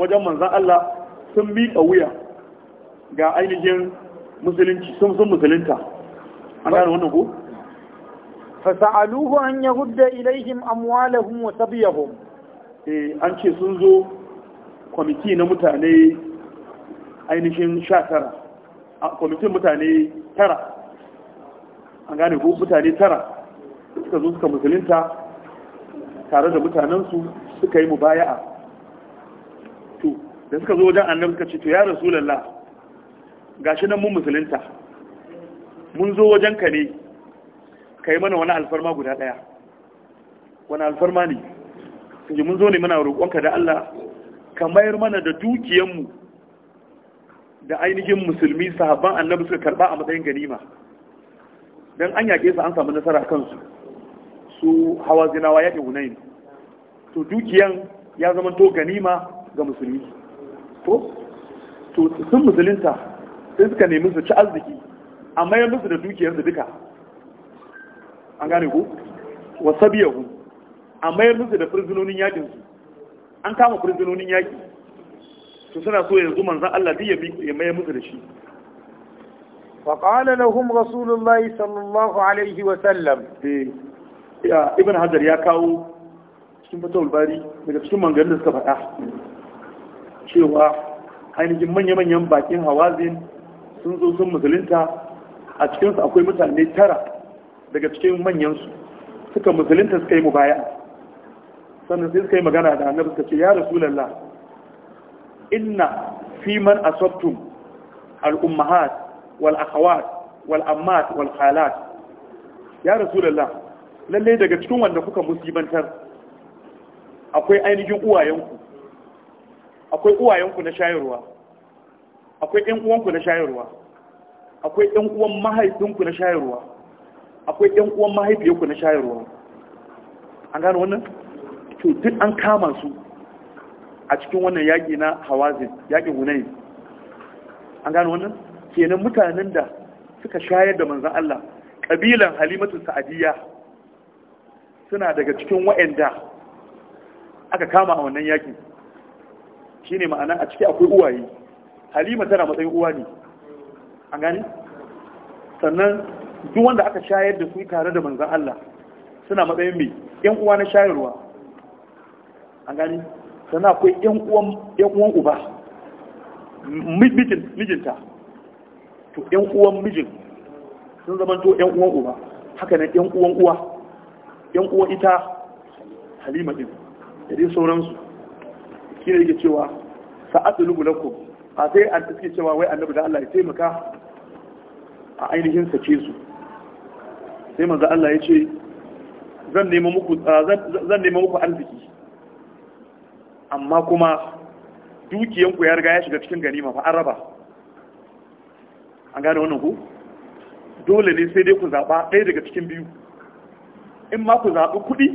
wajen manzan Allah sun miƙa wuya ga ainihin musulunci sun sun musulunta an gane wannan ko fasa'aluhu an yahudda ilaihim amwalahum wa sabiyahum eh an ce sun zo kwamiti na mutane ainihin sha tara kwamitin mutane tara an gane ko mutane tara suka zo suka musulunta tare da mutanensu suka yi mubaya'a to da suka zo wajen annabi suka ce to ya rasulullah gashi nan mun musulunta mun zo wajen ka ne kai mana wani alfarma guda daya wani alfarma ne sai mun zo ne muna roƙonka da Allah ka mayar mana da dukiyanmu da ainihin musulmi sahabban annabi suka karba a matsayin ganima don an yaƙe su an samu nasara kansu su hawa zinawa yaƙi to dukiyan ya zama to ganima ga musulmi ko to sun musulunta sai suka nemi su ci arziki amma ya musu da dukiyar su duka an gane ku biya sabiyahu amma ya musu da firzinonin yakin su an kama firzinonin yaki to suna so yanzu manzon Allah duk ya mai musu da shi فقال لهم رسول الله صلى الله عليه وسلم ابن حجر يا كاو cikin fatawul bari daga cikin mangarin da suka faɗa cewa ainihin manya-manyan bakin hawazin sun zo sun musulunta a cikinsu akwai mutane tara daga cikin manyansu suka musulunta suka yi mubaya sannan sai suka yi magana da annabi suka ce ya rasu lalla inna fi man asabtum al-ummahat wal akhawat wal ammat wal khalat ya lalla lalle daga cikin wanda kuka musibantar akwai ainihin uwayenku akwai uwayenku na shayarwa akwai ɗan uwanku na shayarwa akwai ɗan uwan mahaifinku na shayarwa akwai ɗan uwan mahaifiyarku na shayarwa an gano wannan to duk an kama su a cikin wannan yaƙi na hawazin yaƙin hunayi an gano wannan kenan mutanen da suka shayar da manzan Allah ƙabilan halimatu sa'adiyya suna daga cikin wa'anda aka kama a wannan yaƙin shine ma'ana a ciki akwai uwaye halima tana matsayin uwa ne a gani sannan duk wanda aka shayar da su tare da manzan Allah suna matsayin mai yan uwa na shayarwa a gani sannan akwai yan uwan uba mijinta to yan uwan mijin sun zama to yan uwan uba haka nan yan uwan uwa yan uwa ita halima din da dai sauransu shi ne yake cewa sa'atulubu lakum a sai an tafi cewa wai annabi da Allah ya taimaka a ainihin sace su sai manzo Allah ya ce zan nemi muku zan nemi muku arziki amma kuma dukiyanku ya riga ya shiga cikin ganima fa an raba an gane wannan ku dole ne sai dai ku zaɓa ɗaya daga cikin biyu in ma ku zaɓi kuɗi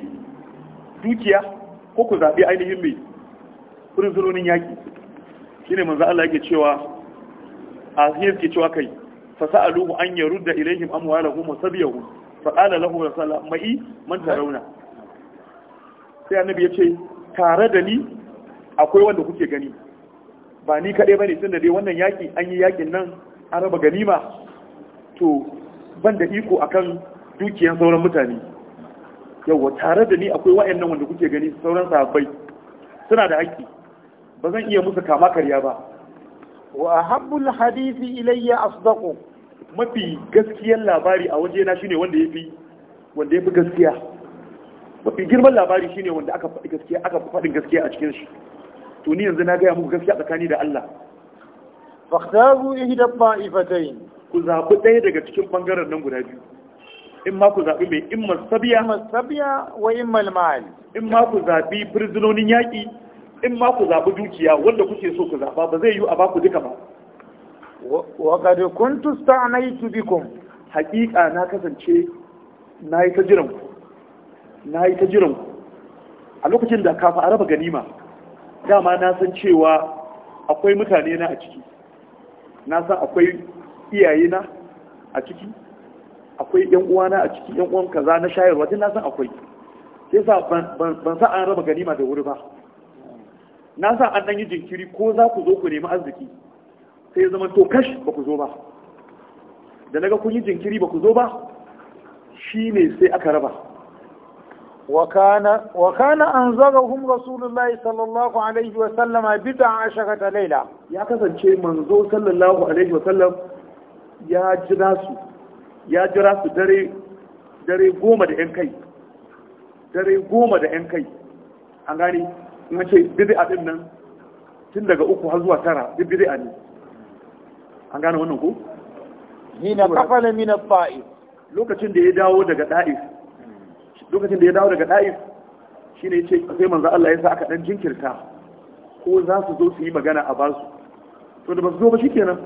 dukiya ko ku zaɓi ainihin mai fursunonin yaƙi shine manzo Allah yake cewa azhir ke cewa kai sa'aluhu an yarudda ilaihim amwalahum fa qala lahu rasulullah mai man tarawna sai annabi ya ce tare da ni akwai wanda kuke gani ba ni kadai ba ne da dai wannan yaki an yi yaƙin nan an raba ganima to ban da iko akan dukiyar sauran mutane yawwa tare da ni akwai wa'annan wanda kuke gani sauran sahabbai suna da haƙƙi ba zan iya musu kama karya ba wa habbul hadisi ilayya asdaqu mafi gaskiyar labari a waje na shine wanda yafi wanda yafi gaskiya mafi girman labari shine wanda aka faɗi gaskiya aka faɗin gaskiya a cikin shi to ni yanzu na gaya muku gaskiya tsakani da Allah fakhtaru ihda ta'ifatayn ku zabi ɗaya daga cikin bangaren nan guda biyu in ma ku zabi mai in masabiya masabiya wa in malmal in ma ku zabi prisonerin yaƙi in ma ku zaɓi dukiya wanda kuke so ku zaɓa ba zai yi a baku duka ba wa qad kuntu sta'naytu bikum haƙiƙa na kasance na yi ta jiran ku na yi ta jiran ku a lokacin da kafa a raba ganima dama na san cewa akwai mutane na a ciki na san akwai iyaye na a ciki akwai yan uwana a ciki yan uwan kaza na shayarwa duk na san akwai sai sa ban sa an raba ganima da wuri ba na sa an ɗan yi jinkiri ko za ku zo ku nemi arziki sai ya zama tokash ba ku zo ba da na kun yi jinkiri ba ku zo ba shi ne sai aka raba wa kana an zaga hun rasulullahi sallallahu alaihi wa sallama bita a ta laila ya kasance manzo sallallahu alaihi wa sallam ya jira su ya jira su dare goma da yan kai dare goma da yan kai an gane in ce bid'a din nan tun daga uku har zuwa tara duk bid'a ne an gane wannan ku hina kafala min at-ta'if lokacin da ya dawo daga da'if lokacin da ya dawo daga da'if shine yace sai manzo Allah ya sa aka dan jinkirta ko za su zo su yi magana a ba su to da ba su zo ba shikenan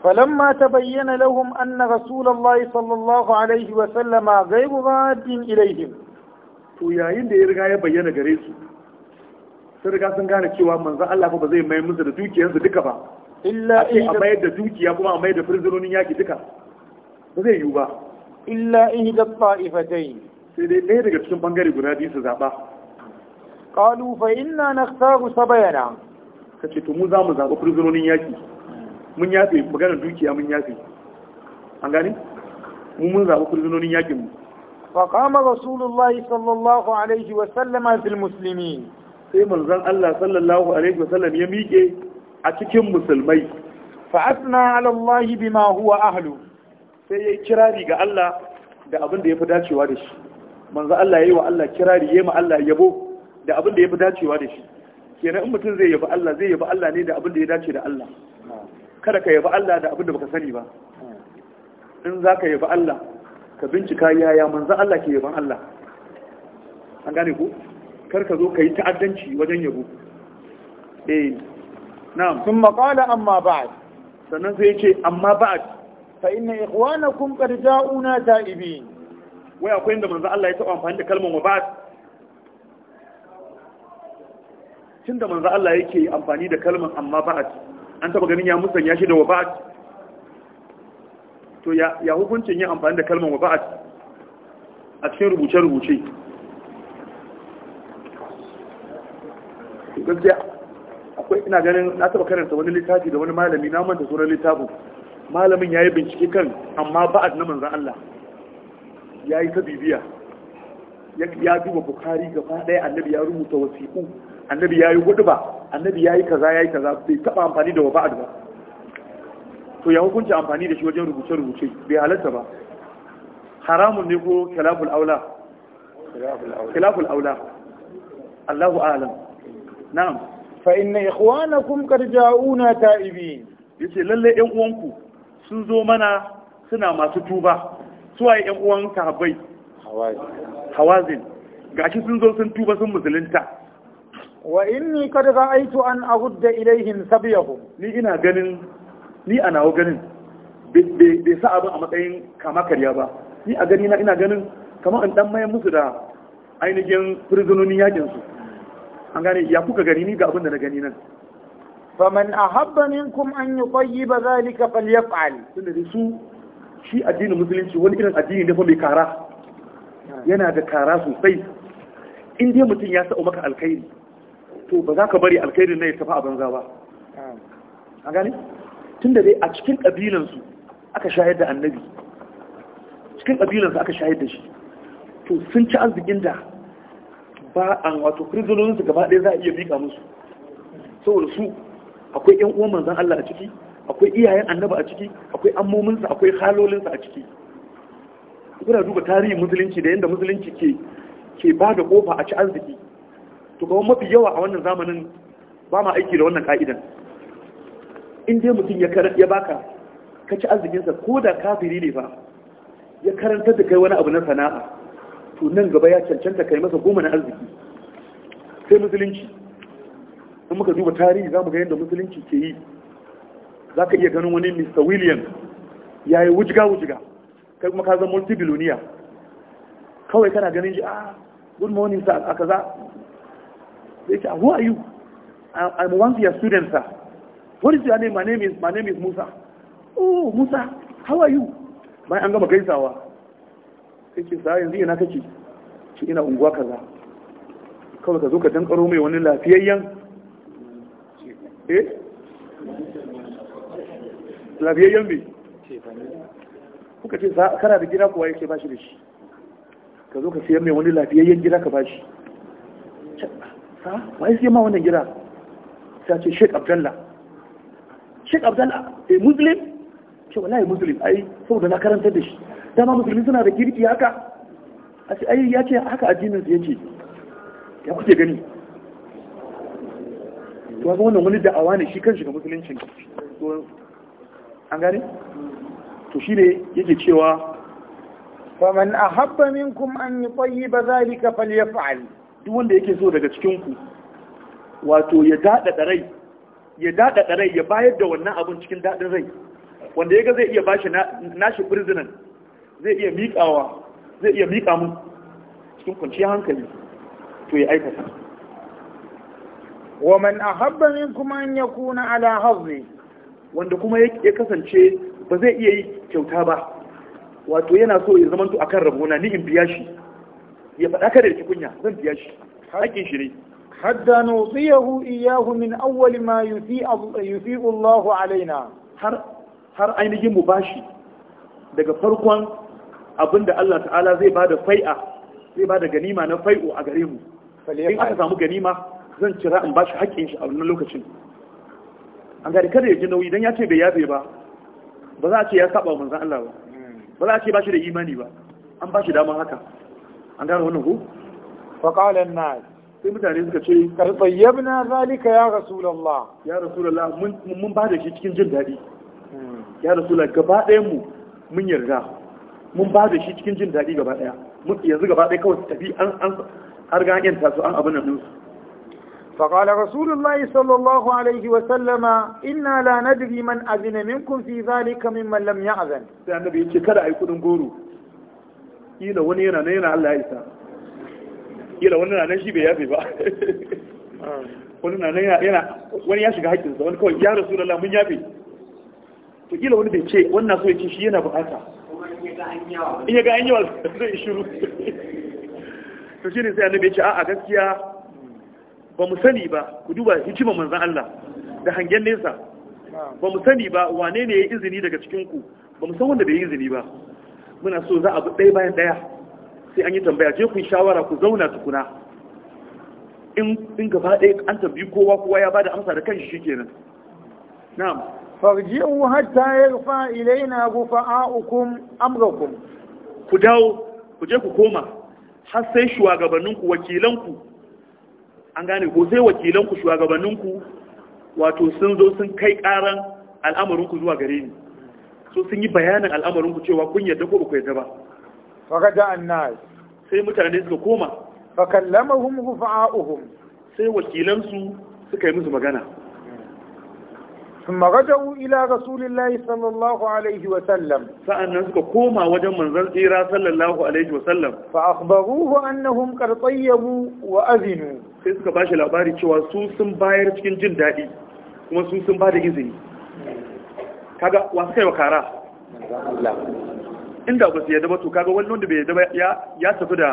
فلما تبين لهم أن رسول الله صلى الله عليه وسلم غير راد إليهم to yayin da ya riga ya bayyana gare su sun riga sun gane cewa manzan Allah ba zai mai musu da dukiyarsu duka ba illa a mayar da dukiya kuma a mayar da firzinonin yaki duka ba zai yiwu ba illa ihda ta'ifatain sai dai ɗaya daga cikin bangare guda biyu su zaɓa qalu fa inna nakhtaru sabayana ce to mu za mu zaɓa firzinonin yaki mun yafe maganar dukiya mun yafe an gani mu mun zaɓa firzinonin yakin mu فقام kama الله sallallahu alaihi wa وسلم في musulmi. sai manzon Allah sallallahu alaihi wasallam ya miƙe a cikin musulmai fa asna ala Allah bima huwa ahlu sai yayi kirari ga Allah da abin da yafi dacewa da shi manzon Allah yayi wa Allah kirari yayi ma Allah yabo da abin da yafi dacewa da shi kenan in mutum zai yabi Allah zai yabi Allah ne da abin da ya dace da Allah kada ka yabi Allah da abin da baka sani ba in za ka yabi Allah ka bincika yaya manzon Allah ke yabon Allah an gane ku kar ka zo ka yi ta'addanci wajen yabo eh na'am sun maƙala amma ba'ad sannan sai ce amma ba'ad fa inna ikhwanakum qad ja'una ta'ibin wai akwai inda manzo Allah ya taɓa amfani da kalmar wa ba'ad tunda manzo Allah yake amfani da kalmar amma ba'ad an taɓa ganin ya musanya shi da wa ba'ad to ya hukuncin yin amfani da kalmar wa ba'ad a cikin rubuce-rubuce gaskiya akwai ina ganin na taba karanta wani littafi da wani malami na manta sunan littafin malamin ya yi bincike kan amma ba'ad na manzan Allah ya yi ta bibiya ya duba bukari gaba ɗaya annabi ya rubuta wasiƙu annabi ya yi hudu ba annabi ya yi kaza ya yi kaza bai taɓa amfani da ba'ad ba to ya hukunci amfani da shi wajen rubuce-rubuce bai halatta ba haramun ne ko kilaful aula kilaful aula Allahu a'lam na'am fa inna ikhwanakum qad ja'una ta'ibin yace lalle ɗan uwanku sun zo mana suna masu tuba suwaye ɗan uwan sahabbai hawazin gashi sun zo sun tuba sun musulunta wa inni qad ra'aytu an ahudda ilaihim sabiyahum ni ina ganin ni a nawo ganin bai sa abin a matsayin kama karya ba ni a gani na ina ganin kamar an dan mayan musu da ainihin prisonin yakin su an gane ya kuka gani ni ga abin da na gani nan man ahabba minkum an yutayyiba zalika falyaf'al tunda su shi addinin musulunci wani irin addini ne fa mai kara yana da kara sosai in dai mutum ya sa'o maka alkhairi to ba za ka bari alkhairin na ya tafi a banza ba an gane Tunda dai a cikin ƙabilansu aka shayar da annabi cikin ƙabilansu aka shayar da shi to sun ci arzikin da ba an wato su gaba ɗaya za a iya bika musu saboda su akwai ƴan uwan manzan Allah a ciki akwai iyayen annaba a ciki akwai ammominsa akwai halolinsa a ciki kuna duba tarihin musulunci da yadda musulunci ke ke ba da kofa a ci arziki to kawai mafi yawa a wannan zamanin ba ma aiki da wannan ka'idan in dai mutum ya baka ka ci arzikinsa ko da kafiri ne ba ya karantar da kai wani abu na sana'a to nan gaba ya cancanta kai masa goma na arziki sai musulunci in muka duba tarihi za mu ga yadda musulunci ke yi za ka iya ganin wani mr william ya yi wujiga-wujiga kai kuma ka zama multibiloniya kawai kana ganin ji a ah, good morning sir a kaza sai ce ah, who are you i'm one of your students sir what is your name my name is my name is musa oh musa how are you bayan an gama gaisawa kake sa yanzu ina kake shi ina unguwa kaza kawai ka zo ka dankaro mai wani lafiyayyen eh lafiyayyen bi kuka ce kana da gida kuwa yake bashi da shi ka zo ka siyar mai wani lafiyayyen gida ka bashi sa wai sai ma wannan gida Sa ce Sheikh Abdullah Sheikh Abdullah eh muslim ce wallahi muslim ai saboda na karantar da shi dama musulmi suna da kirki haka a ce ayi ya ce haka addinin su yake ya kuke gani to ga wannan wani da'awa ne shi kanshi ga musuluncin an gane to shi ne yake cewa faman ahabba minkum an yutayyiba zalika falyaf'al duk wanda yake so daga cikin ku wato ya dada rai ya dada rai ya bayar da wannan abun cikin dadin rai wanda yaga zai iya bashi nashi prisoner zai iya miƙawa zai iya miƙa mu cikin hankali to ya aikata wa man ahabba minkum an yakuna ala hazzi wanda kuma ya kasance ba zai iya yi kyauta ba wato yana so ya zamanto akan rabona ni in biya shi ya faɗa kada ya kunya zan biya shi haƙin shi ne حتى نعطيه إياه من أول ما يسيء yusi الله علينا har har ainihin mu bashi daga farkon abinda Allah ta'ala zai bada fai'a zai bada ganima na fai'u a gare mu in aka samu ganima zan cira in bashi haƙƙin shi a wannan lokacin an gari kada ya ji nauyi dan ya ce bai yabe ba ba za a ce ya saba manzon Allah ba ba za a ce bashi da imani ba an bashi damar haka an gane wannan ko fa qala an-nas sai mutane suka ce karbayyabna zalika ya rasulullah ya rasulullah mun mun shi cikin jin dadi hmm. ya rasulullah gaba ɗayan mu mun yarda mun ba da shi cikin jin daɗi gaba ɗaya yanzu gaba ɗaya kawai tafi an an har ga yanta su an abin nan su فقال رسول الله صلى الله عليه وسلم إنا لا ندري من أذن منكم في ذلك ممن لم يأذن sai annabi yace kada ai kudin goro kila wani yana nan yana Allah ya isa kila wani na nan shi bai yafe ba wani nan yana wani ya shiga haƙƙinsa wani kawai ya rasulullah mun yafe to kila wani bai ce wannan so yake shi yana bukata in ya ga an yawa zai shiru to shi ne sai annabi ya ce a'a gaskiya ba mu sani ba ku duba hikimar manzan Allah da hangen nesa ba mu sani ba wane ne ya izini daga cikinku ba mu san wanda bai izini ba muna so za a bi ɗaya bayan ɗaya sai an yi tambaya je ku shawara ku zauna tukuna in gaba ɗaya an tambayi kowa kowa ya bada amsa da kan shi kenan na'am farji'u hatta yarfa ilaina rufa'a'ukum amrakum ku dawo ku je ku koma har sai shugabanninku wakilanku an gane ko sai wakilanku shugabanninku wato sun zo sun kai karan al'amarinku zuwa gare ni so sun yi bayanin al'amarinku cewa kun yadda ko ba ku yarda ba faqada annas sai mutane suka koma fakallamahum rufa'a'uhum sai wakilansu suka yi musu magana ثم رجعوا إلى رسول الله صلى الله عليه وسلم فأنسك كوما وجم منزل إيرا صلى الله عليه وسلم فأخبروه أنهم قد طيبوا وأذنوا فإنسك باشا لأباري شوى سوسن باير تكين جن دادي كما سوسن باير إذن kaga wa suka yi inda ba su yadda ba to kaga wani wanda bai yadda ba ya tafi da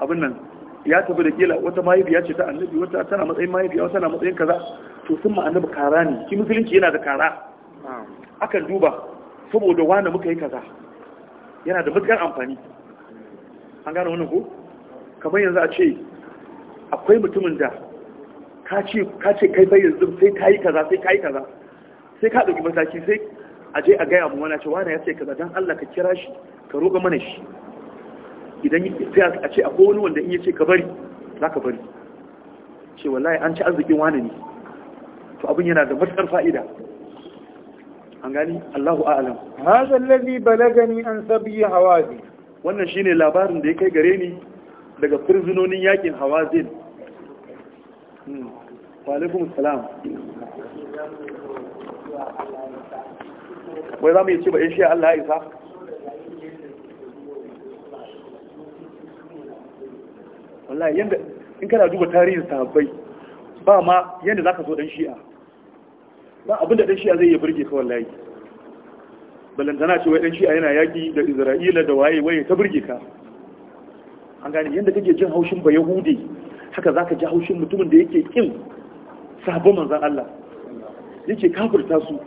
abin nan ya tafi da kila wata mahaifiya ce ta annabi wata tana matsayin mahaifiya wata tana matsayin kaza to sun ma kara ne ki musulunci yana da kara akan duba saboda wani muka yi kaza yana da matukar amfani an gane wani ko kamar yanzu a ce akwai mutumin da ka ce kai bai yanzu sai ka yi kaza sai ka yi kaza sai ka ɗauki mataki sai a je a gaya mu wani ce wani ya ce kaza don Allah ka kira shi ka roƙa mana shi idan sai a ce akwai wani wanda in ya ce ka bari za ka bari ce wallahi an ci arzikin wani ne to abin yana da matukar fa'ida an gani Allahu a'lam hadha alladhi balagani an sabi hawazi wannan shine labarin da ya kai gare ni daga prisonerin yakin hawazin hmm. wa alaikum salam wai za mu yi ce ba ishe Allah isa wallahi yanda in kana duba tarihin sahabbai ba ma yanda zaka so dan shi'a ba abinda ɗan shi'a zai yi burge ka wallahi balantana ce wai ɗan shi'a yana yaƙi da Isra'ila da waye waye ta burge ka an gane yadda kake jin haushin ba Yahudi haka zaka ji haushin mutumin da yake kin sabon manzan Allah yake kafirta su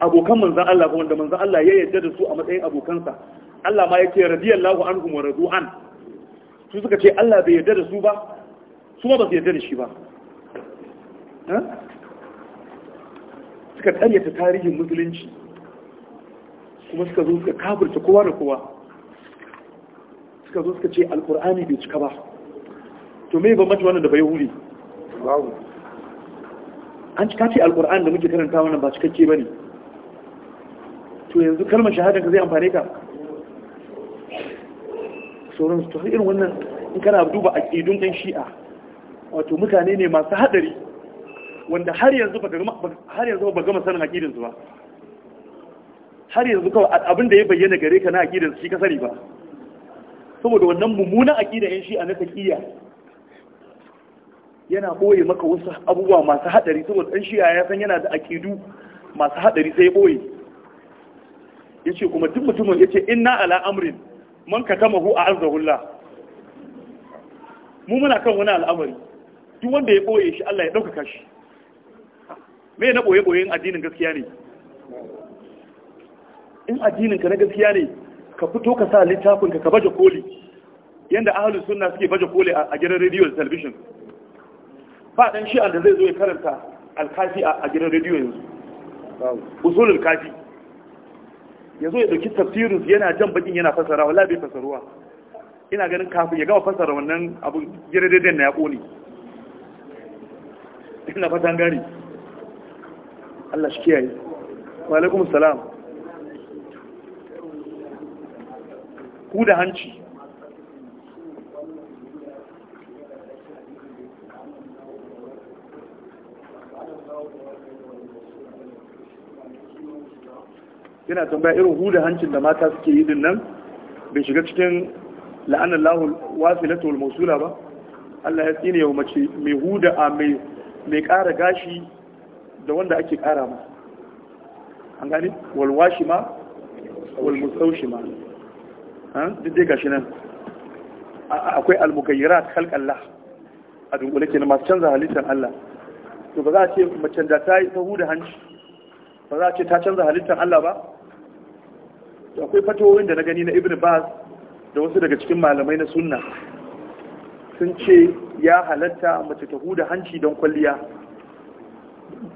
abokan manzan Allah ko wanda manzan Allah ya yarda da su a matsayin abokansa Allah ma yake radiyallahu anhum wa radu'an su suka ce Allah bai yarda da su ba su ma ba su yarda da shi ba suka karyata tarihin musulunci kuma suka zo suka kaburta kowa da kowa suka zo suka ce alkur'ani bai cika ba to me ban mace wannan da bai huri an cika ce alkur'ani da muke karanta wannan ba cikakke ba ne to yanzu kalmar shahadar ka zai amfane ka sauran su to har irin wannan in kana duba aƙidun ɗan shi'a wato mutane ne masu haɗari wanda har yanzu ba har yanzu ba gama sanin aqidan su ba har yanzu kawai abin da ya bayyana gare ka na aqidan shi ka sani ba saboda wannan mummunan aqida yan shi a na taqiya yana boye maka wasu abubuwa masu hadari saboda dan shi ya san yana da aqidu masu hadari sai ya boye yace kuma duk mutumin yace inna ala amrin man katamahu a'azzahullah mu muna kan wani al'amari duk wanda ya boye shi Allah ya ɗaukaka shi me na boye boyen addinin gaskiya ne in addinin ka na gaskiya ne ka fito ka sa littafin ka ka baje koli yanda ahlus sunna suke baje koli a gidan radio da television ba dan da zai zo ya karanta alkafi a gidan radio yanzu usulul kafi yanzu ya dauki tafsirin yana jan bakin yana fasara wallahi bai fasaruwa ina ganin kafin ya gama fasara wannan abun gidan radio na ya kone ina fatan gari Allah shi kiyaye wa alaikum salam huda hanci yana tambaya irin huda hancin da mata suke yi din nan bai shiga cikin la'anar lahul wasu wal mausula ba Allah ya tsini yau mace mai huda a mai ƙara gashi da wanda ake ƙara ma an gani walwashi ma walmusaushi ma duk dai gashi nan akwai almukayyirat halƙallah a dunkule ke masu canza halittar Allah to ba za a ce macen da ta yi ta huda hanci ba za a ce ta canza halittar Allah ba to akwai fatowoyin da na gani na ibn baz da wasu daga cikin malamai na sunna sun ce ya halatta mace ta huda hanci don kwalliya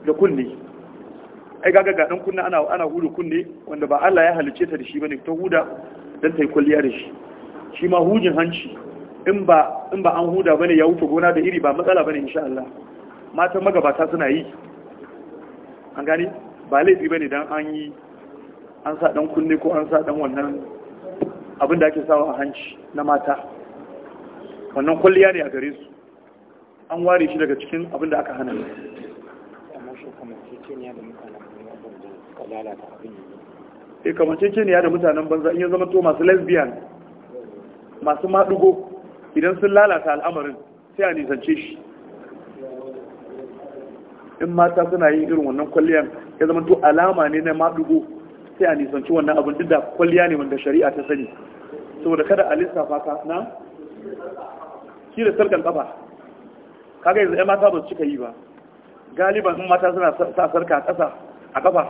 da kunne ai gaga ga dan kunne ana ana hudu kunne wanda ba Allah ya halice ta da shi bane ta huda dan ta yi kulliya da shi shi ma hujin hanci in ba in ba an huda bane ya wuce gona da iri ba matsala bane insha Allah matan magabata suna yi an gani, ba laifi bane dan an yi an sa dan kunne ko an sa dan wannan abin da ake sawa a hanci na mata wannan kulliya ne a gare su an ware shi daga cikin abin da aka hana Eh, kamanceceniya da mutanen banza in ya zama to masu lesbian masu madugo idan sun lalata al'amarin sai a nisance shi in mata suna yin irin wannan kwalliyar ya zama to alama ne na madugo sai a nisance wannan abin duk da kwalliya ne wanda shari'a ta sani saboda kada a lissafa ka na shi da sarkan kafa kaga yanzu ya mata ba su cika yi ba galiban sun mata suna sa sarka ƙasa a ƙafa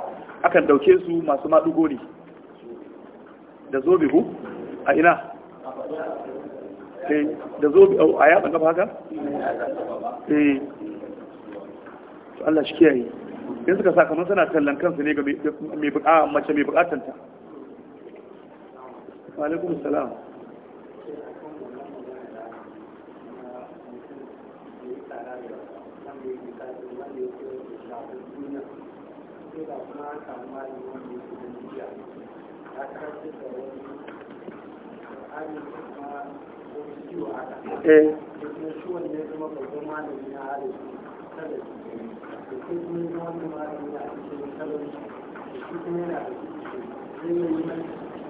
akan ɗauke su masu maɗugo ne da zobe ku a ina eh, da zobe a yatsan ƙafa haka? eh Allah shi kiyaye in suka sa kamar suna tallan kansu ne ga mace mai bukatanta. Wa alaikum salam. da kuma an samu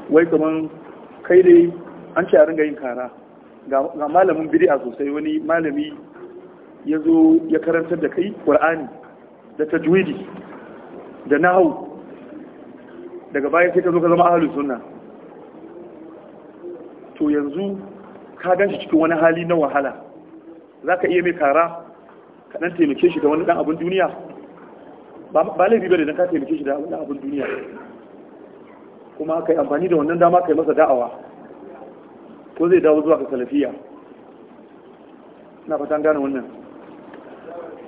wai kaman kai dai an ce a ringa yin kara ga malamin bid'a sosai wani malami ya zo ya karantar da kai ƙur'ani da tajwidi da nahau daga bayan sai ka zo ka zama ahalus suna. to yanzu ka gan shi cikin wani hali na wahala za ka iya mai kara ka ɗan taimake shi da wani ɗan abin duniya ba laifi bane don ka taimake shi da wani ɗan abin duniya kuma ka yi amfani da wannan dama ka yi masa da'awa ko zai dawo zuwa ka salafiya na fatan gane wannan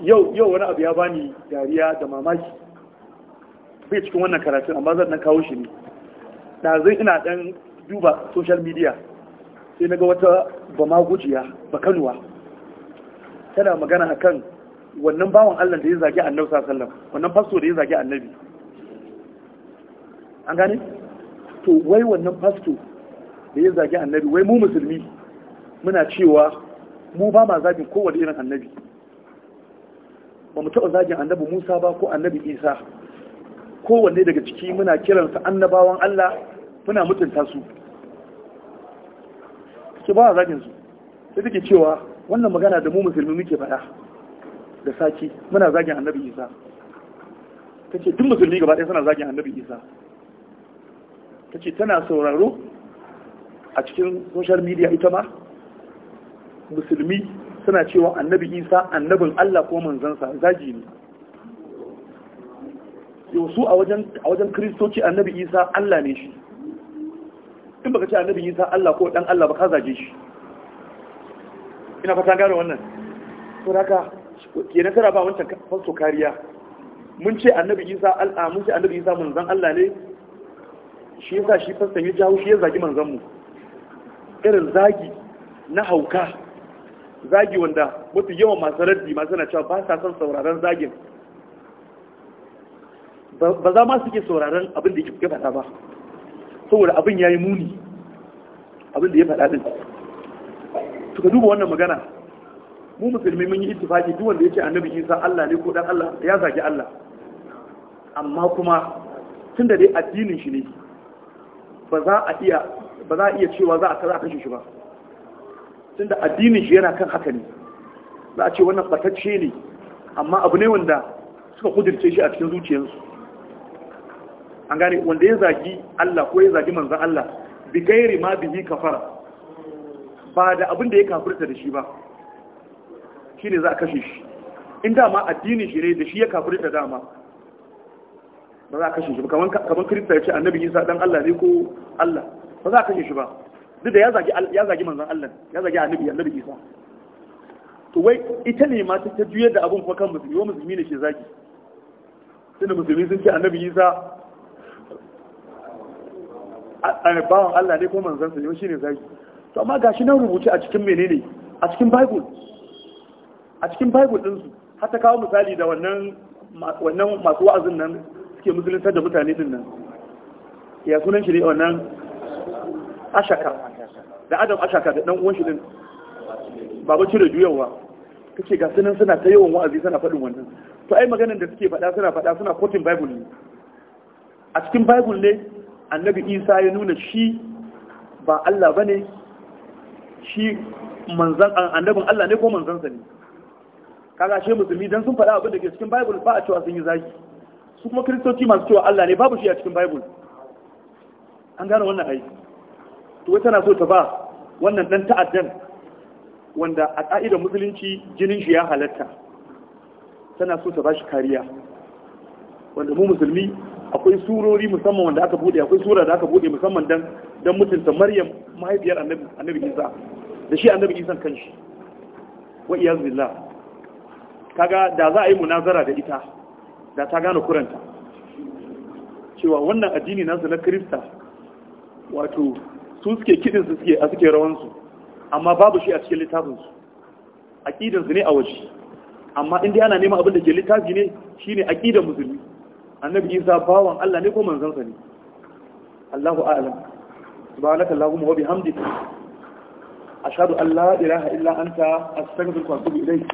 yau yau wani abu ya bani dariya da mamaki bai cikin wannan karatun amma zan nan kawo shi ne ɗazin ina ɗan duba social media sai na ga wata bama gujiya bakanuwa tana magana akan wannan bawan Allah da ya zage annabi sallallahu wannan fasto da ya zage annabi an gane to wai wannan fasto da ya zage annabi wai mu musulmi muna cewa mu ba ma zagin kowane irin annabi ba mu taɓa zagin annabi Musa ba ko annabi Isa kowanne daga ciki muna kiransa annabawan Allah muna mutunta su ke ba zagin su sai take cewa wannan magana da mu musulmi muke faɗa da saki muna zagin annabi isa ta ce duk musulmi gaba ɗaya suna zagin annabi isa ta ce tana sauraro a cikin social media ita ma musulmi suna cewa annabi isa annabin allah ko manzansa zagi ne yau su a wajen kristoci annabi isa allah ne shi in baka ce annabi isa allah ko dan allah ba ka zage shi ina fata gane wannan to haka ke nasara ba wancan fasto kariya mun ce annabi isa al'a mun ce annabi isa manzan allah ne shi yasa shi fastan ya jawo shi ya zagi manzon mu irin zagi na hauka zagi wanda mafi yawan masu raddi masu na cewa ba sa son sauraron zagin ba za ma suke sauraron abin da ke faɗa ba saboda abin ya yi muni abin da ya faɗa ɗin suka duba wannan magana mu musulmi mun yi ittifaki duk wanda ya ce annabi isa allah ne ko dan allah ya zagi allah amma kuma tun da dai addinin shi ne ba za a iya ba za a iya cewa za a kaza a kashe shi ba tun da addinin shi yana kan haka ne za a ce wannan batacce ne amma abu ne wanda suka kudirce shi a cikin zuciyarsu an gane wanda ya zagi Allah ko ya zagi manzan Allah bi gairi ma bi yi kafara ba da abin da ya kafirta da shi ba shi ne za a kashe shi in dama addinin shi ne da shi ya kafirta dama ba za a kashe shi ba kamar kirista ya ce annabi isa dan Allah ne ko Allah ba za a kashe shi ba duk da ya zagi manzan Allah ya zagi annabi annabi isa to wai ita ne ma ta juyar da abin kuma kan musulmi wa musulmi ne ke zagi tunda musulmi sun ce annabi isa bawan Allah ne ko ne shi ne shine zagi to amma gashi nan rubuce a cikin menene a cikin bible a cikin bible din su har ta kawo misali da wannan masu wa'azin nan suke musulunta da mutane din nan ya sunan shi ne wannan ashaka da adam ashaka da ɗan uwan shi din babu cire juyawa kace ga sunan suna ta yawan wa'azi suna faɗin wannan to ai maganin da suke faɗa suna faɗa suna kotun bible ne a cikin bible ne annabi isa ya nuna shi ba Allah ba ne shi manzan annabin Allah ne ko manzansa ne kaga shi musulmi dan sun faɗa abin da ke cikin bible ba a cewa sun yi zaki su kuma kristoci masu cewa Allah ne babu shi a cikin bible an gane wannan ai to wata na so ta ba wannan dan ta'addan wanda a ka'idar musulunci jinin shi ya halatta tana so ta ba shi kariya wanda mu musulmi akwai surori musamman wanda aka bude akwai sura da aka bude musamman dan dan mutunta maryam mahaifiyar annabi annabi isa da shi annabi isa kanshi wa iyaz billah kaga da za a yi munazara da ita da ta gane kuranta cewa wannan addini nasu na krista wato su suke kidin su suke a suke rawan su amma babu shi a cikin littafin su aqidan su ne a waje amma indai ana neman abin da ke littafi ne shine aqidan musulmi annabi isa bawan Allah ne ko manzansa ne Allahu a'lam subhanaka allahumma wa bihamdika ashhadu an la ilaha illa anta astaghfiruka wa atubu ilayk